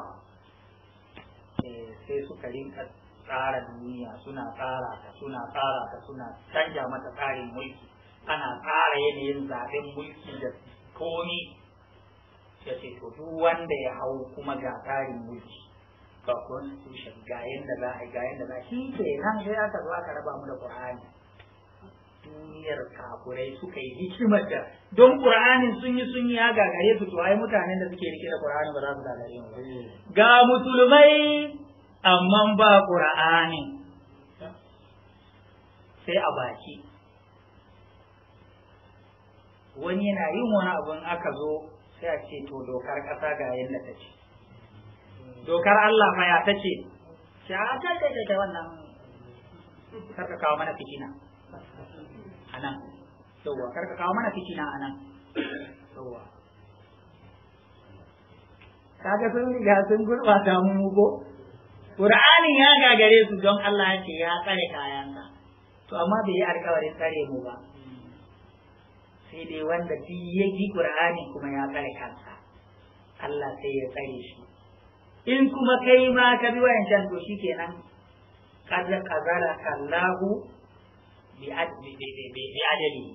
eh, sai suka rinka tsara duniya suna tsara ta suna tsara ta suna canja mata tsarin mulki ana tsara yanayin zaben mulki da komi da ce to duk wanda ya hau kuma ga tsarin mulki ga tushen gayen da za a yi ga yadda za a shi ke nan sai aka zo aka raba mu da ƙur'ani. duniyar kafurai suka yi hikimar da don qur'anin sun yi sun yi ya gagare su to ai mutanen da suke rike da qur'ani ba za su gagare mu eh. ga musulmai amma ba qur'ani sai a baki wani yana yin wani abun aka zo sai a ce to dokar ƙasa ga yadda ta ce dokar Allah ma ya tace ya ka ta ta wannan karka kawo mana fitina anan yawwa karka kawo mana fitina anan yawwa kaga sun riga sun gurbata mu ko Qur'anin ya gagare su don Allah ya ce ya tsare kayansa to amma bai yi alƙawarin tsare mu ba sai dai wanda duk ya yi Qur'ani kuma ya tsare kansa Allah sai ya tsare shi in kuma kai ma ka bi wayan wayancan to shikenan kada kazara kallahu bi adli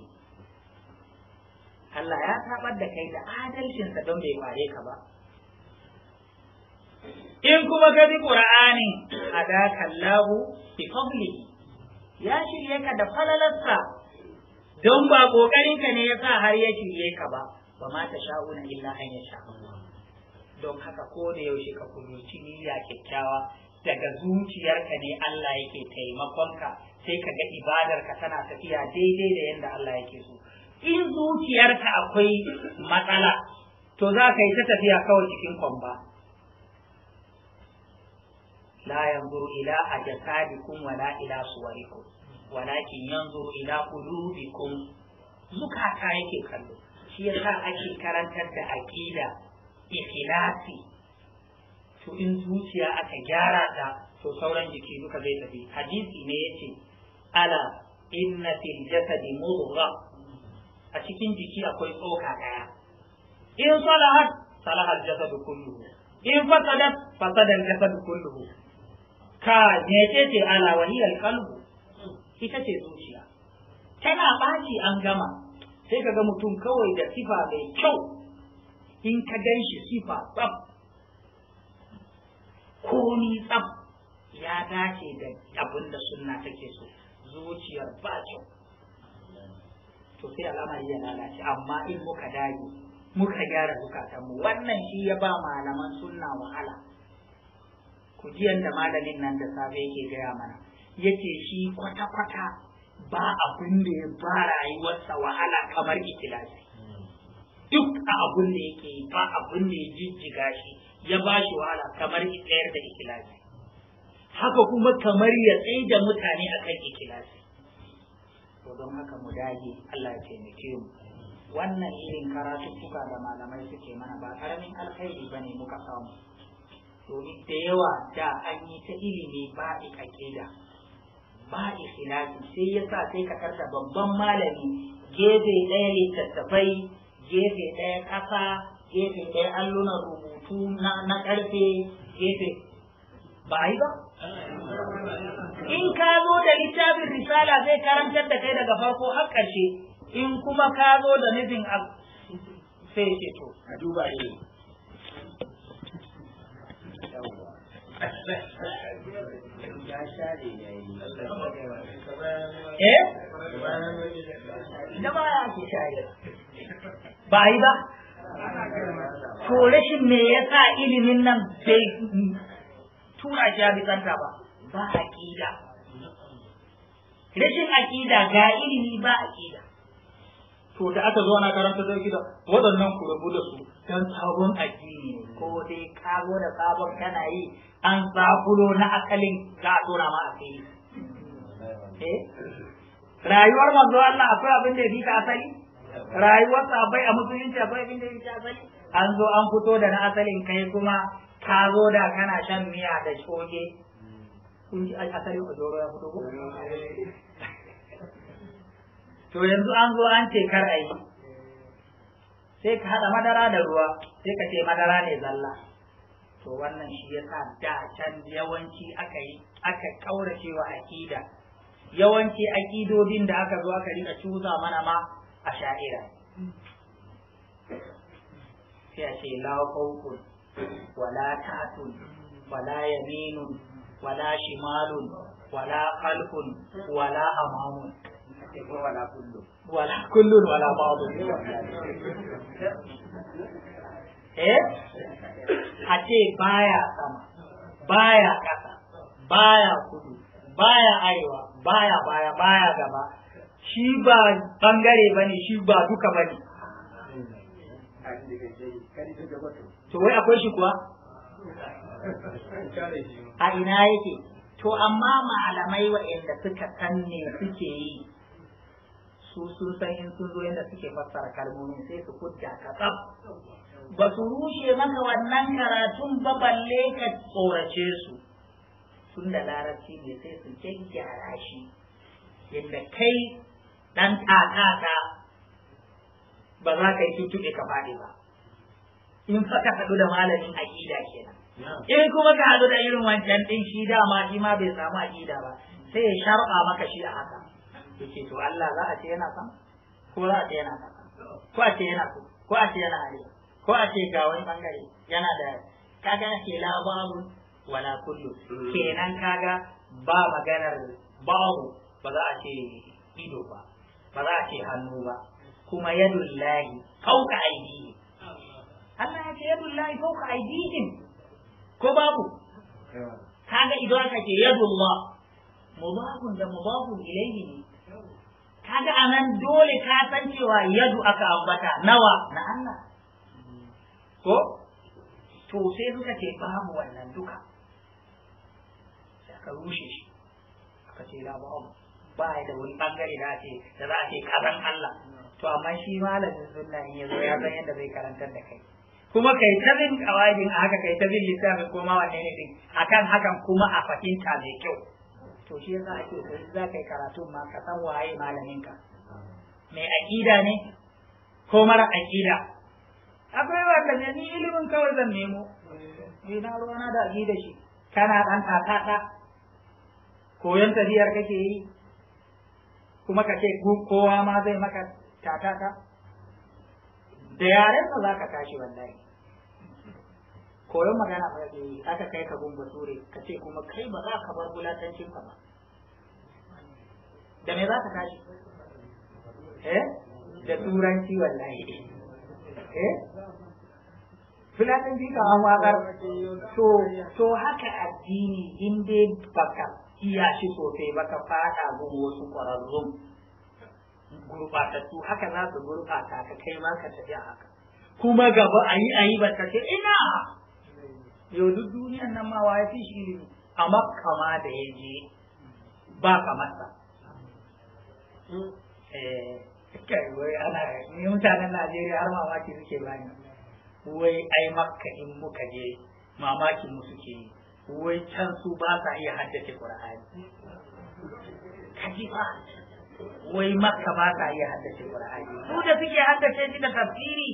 Allah ya tabar da kai da adalcinsa don bai kware ka ba in kuma ka bi qur'ani hadaka Allahu bi fadli ya shirye ka da falalarsa don ba kokarin ka ne yasa har ya shirye ka ba ba ma ta sha'una illa an yasha Allah don haka ko da yaushe ka kuruci niyya kyakkyawa daga zuciyarka ne Allah yake taimakonka sai ka ga ibadarka tana tafiya daidai da yadda Allah yake so in zuciyarka akwai matsala to za ka yi ta tafiya kawai cikin kwamba la yanzuru ila ajsadikum wala ila suwarikum walakin yanzuru ila qulubikum zukata yake kallo shi yasa ake karantar da aqida ikhlasi to in zuciya aka gyara ta to sauran jiki duka zai tafi hadisi ne yace ala inna fil jasadi mudghah a cikin jiki akwai tsoka daya in salahat salahal jasadu kulluhu in fasadat fasadal jasadu kulluhu ka ne ce ala wani alƙalbu ita ce zuciya tana ɓaci an gama sai kaga mutum kawai da sifa mai kyau in ka gan shi sifa tsaf ni tsaf ya dace da abin da sunna take so zuciyar ba sosai to sai al'amari ya lalace amma in muka dage muka gyara zukatanmu wannan shi ya ba malaman sunna wahala ku ji yadda malamin nan da safe yake gaya mana yake shi kwata-kwata ba abin da ya ba rayuwarsa wahala kamar ikilasi duk a abun da yake ba abun da ya jijjiga shi ya ba shi wahala kamar tsayar da ikilasi haka kuma kamar ya tsaye da mutane a kan ikilasi to don haka mu dage Allah ya taimake mu wannan irin karatu suka da malamai suke mana ba karamin alkhairi bane muka samu domin da yawa da an yi ta ilimi ba ƙaƙida ba ikilasi sai yasa sai ka karta babban malami gefe ɗaya littattafai gefe ɗaya ƙasa gefe ɗaya allunan rubutu na ƙarfe gefe ba a yi ba in ka zo da littafin risala zai karantar da kai daga farko har ƙarshe in kuma ka zo da nufin abu. sai ce to a duba ne eh na ba ya ke shayar. ba a yi ba to rashin me yasa ilimin nan bai tura shi ya bi tsanta ba ba aƙida rashin aƙida ga ilimi ba aƙida to da aka zo na karanta da gida wadannan ku rabu da su dan sabon addini ko dai kago da sabon kana yi an sabulo na akalin za a tona ma a eh rayuwar manzo Allah akwai abin da yake asali rayuwar bai a musulunci akwai abin da yake asali an zo an fito da na asalin kai kuma ka zo da kana shan miya da shoge kun ji asali a zo ya fito ko to yanzu an zo an ce kar a yi sai ka haɗa madara da ruwa sai ka ce madara ne zalla to wannan shi ya sa da can yawanci aka yi aka kaurace wa akida yawanci akidodin da aka zo aka rika cusa mana ma a sha'ira sai a ce la wala ta'tun wala yaminun wala shimalun wala kalkun wala amamun wala kullun wala kullun wala ba'dun eh a ce baya sama baya kasa baya kudu baya arewa baya baya baya gaba shi ba bangare ba ne shi ba duka ba ne to wai akwai shi kuwa a ina yake to amma malamai waɗanda suka san suke yi su sun san in sun zo yadda suke fassara kalmomin sai su hujja katsaf ba su rushe maka wannan karatun ba balle ka tsorace su tun da larabci ne sai su gyaggyara shi yadda kai dan kakata ba za ka yi tuttuɓe ka faɗi ba in fa ka haɗu da malamin aƙida kenan in kuma ka haɗu da irin wancan ɗin shi dama shi ma bai samu aƙida ba sai ya sharɓa maka shi a haka yake to Allah za a ce yana sama ko za a ce yana sama ko a ce yana ko a ce yana arewa ko a ce ga wani bangare yana da kaga ke la babu wala kullu mm. kenan kaga ba maganar babu ba za a ce ido ba ba za a ce hannu ba kuma yadullahi fauka aidihim Allah ya ce yadullahi fauka aidihim ko babu kaga idan aka ce yadullah mudafun da mudafun ilayhi ne kaga a nan dole ka san cewa yadu aka ambata nawa na Allah ko to sai suka ce babu wannan duka sai ka rushe shi aka ce la babu ba ya da wani bangare da ake da za a ce karan Allah to amma shi malamin sunna in yazo ya san yadda zai karantar da kai kuma kai ta bin kawajin a haka kai ta bin littafin ko ma wanne ne din akan hakan kuma a fahimta mai kyau to shi yasa ake so za ka yi karatu ma ka san waye malamin ka mai aqida ne ko mara aqida akwai ba ne ni ilimin kawai zan nemo ni eh, na ruwana da aqida shi kana dan ta koyon tafiyar kake yi kuma ka ce kowa ma zai maka ta da ba za ka tashi wallahi koyon magana ba zai aka kai ka gun basure ka ce kuma kai ba za ka bar bulatancin ka ba da me za ka tashi eh da turanci wallahi eh filatanci ka an wakar to to haka addini in dai baka iya shi sosai ba ka fada gun wasu ƙwararrun gurɓatattu haka za su gurɓata ka kai ma ka tafi haka kuma gaba a yi a yi ba ta ce ina yau duk duniyan nan ma wa fi shi ne a makama da ya je ba kamarsa eh, kai wai ana ta mutanen Najeriya har mamaki suke bani wai ai makka in muka je mamakin mu suke yi wai can su ba sa iya haddace Qur'ani kajifa ba wai makka ba sa iya haddace Qur'ani su da suke haddace shi da tafsiri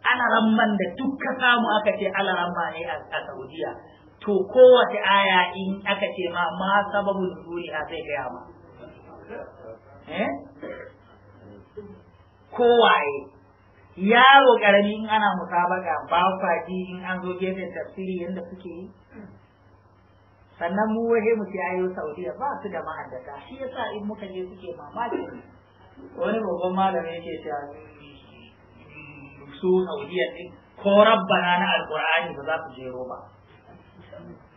alaramman da duk ka samu aka ce alaramma ne a Saudiya to kowace aya in aka ce ma ma sababu zuri a sai gaya ma eh yaro karami in ana musabaka ba faɗi in an zo gefen tafsiri yadda suke yi sannan mu wahe mu ayo saudiya ba su da mahaddata shi yasa in muka je suke mamaki wani babban malami yake cewa su saudiya ne ko rabbana na alqur'ani ba za su jero ba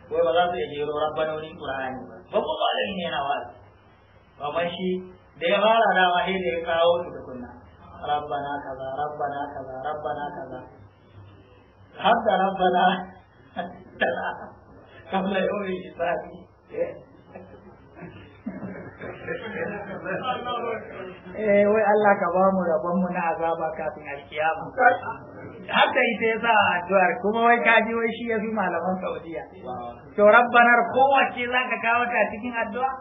ko ba za su iya jero rabbanoni qur'ani ba babban malami ne yana wa'azi amma shi da ya fara dama ne da ya kawo su da kunna ربنا kaza ربنا kaza ربنا kaza حتى ربنا قبل يوم الحساب yi eh wai Allah ka ba mu rabon mu na azaba kafin alkiyama haka ita yasa addu'ar kuma wai ka ji wai shi yafi malaman Saudiya to rabbanar wace zaka kawo ta cikin addu'a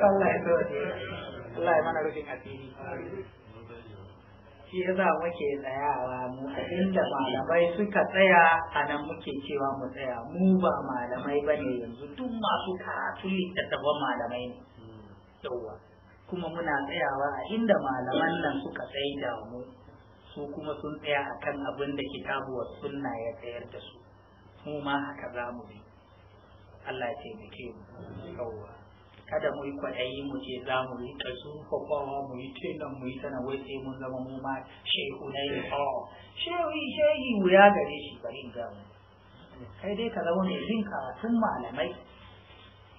Allah ya Allah ya mana rufin asiri shi yasa muke tsayawa mu inda malamai suka tsaya a nan muke cewa mu tsaya mu ba malamai ba ne yanzu duk masu karatu littattafan malamai ne yauwa kuma muna tsayawa a inda malaman nan suka tsaye da mu su kuma sun tsaya a kan abin da kitabu wa sunna ya tsayar da su mu ma haka za mu bi Allah ya taimake mu yauwa kada mu yi kwaɗayi mu je za mu yi ta kwakwawa mu yi tunan mu yi tana wai sai mun zama mu ma shehu na yi o oh, shehu shehi wuya gare shi ba yin gamu kai dai ka zama mai jin karatun malamai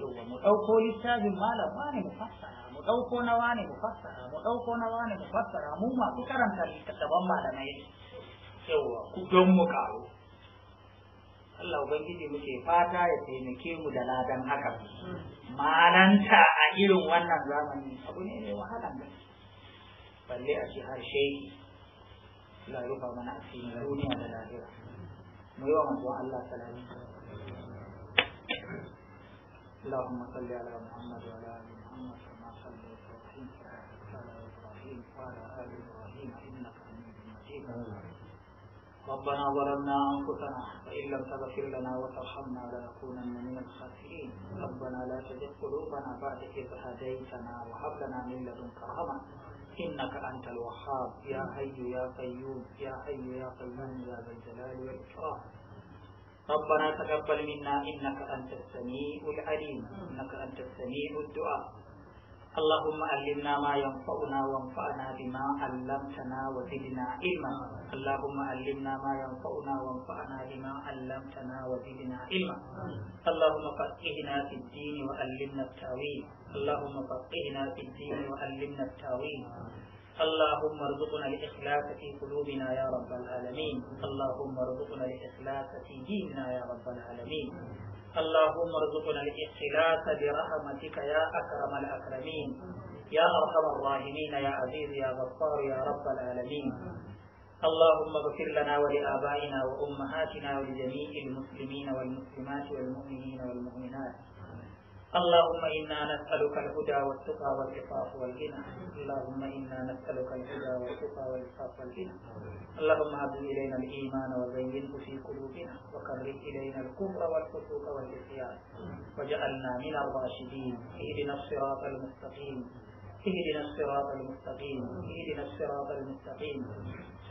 ba mu ɗauko littafin malam wane mu fassara mu ɗauko na wane mu fassara mu ɗauko na wane mu fassara mu masu karanta littattafan malamai Yau ku don mu ƙaru Allah Ubangiji muke fata ya taimake mu da ladan haka mananta a irin wannan zamani abu ne mai wahala ne. balle a ce har shehi la rufa mana a cikin duniya da lahira mu yi wa manzo Allah salami اللهم صل على محمد وعلى ال محمد كما صليت وسلمت على ابراهيم وعلى ال ابراهيم انك حميد مجيد ربنا ظلمنا أنفسنا وإن لم تغفر لنا وترحمنا لنكونن من الخاسرين ربنا لا تزغ قلوبنا بعد إذ هديتنا وهب لنا من لدنك رحمة إنك أنت الوهاب يا حي يا قيوم يا حي يا قيوم يا ذا الجلال والإكرام ربنا تقبل منا إنك أنت السميع العليم إنك أنت السميع الدعاء اللهم علمنا ما ينفعنا وانفعنا بما علمتنا وزدنا علما اللهم علمنا ما ينفعنا وانفعنا بما علمتنا وزدنا علما اللهم فقهنا في الدين وعلمنا التاويل اللهم فقهنا في الدين وعلمنا التاويل اللهم ارزقنا الإخلاص في قلوبنا يا رب العالمين اللهم ارزقنا الإخلاص في ديننا يا رب العالمين اللهم ارزقنا الاختلاس برحمتك يا أكرم الأكرمين يا أرحم الراحمين يا عزيز يا غفار يا رب العالمين اللهم اغفر لنا ولآبائنا وأمهاتنا ولجميع المسلمين والمسلمات والمؤمنين والمؤمنات اللهم إنا نسألك الهدى والتقى والعفاف والغنى اللهم إنا نسألك الهدى والتقى والعفاف والغنى اللهم اعز إلينا الإيمان وزينه في قلوبنا وكره إلينا الكفر والفسوق والعصيان وجعلنا من الراشدين اهدنا الصراط المستقيم اهدنا الصراط المستقيم اهدنا الصراط المستقيم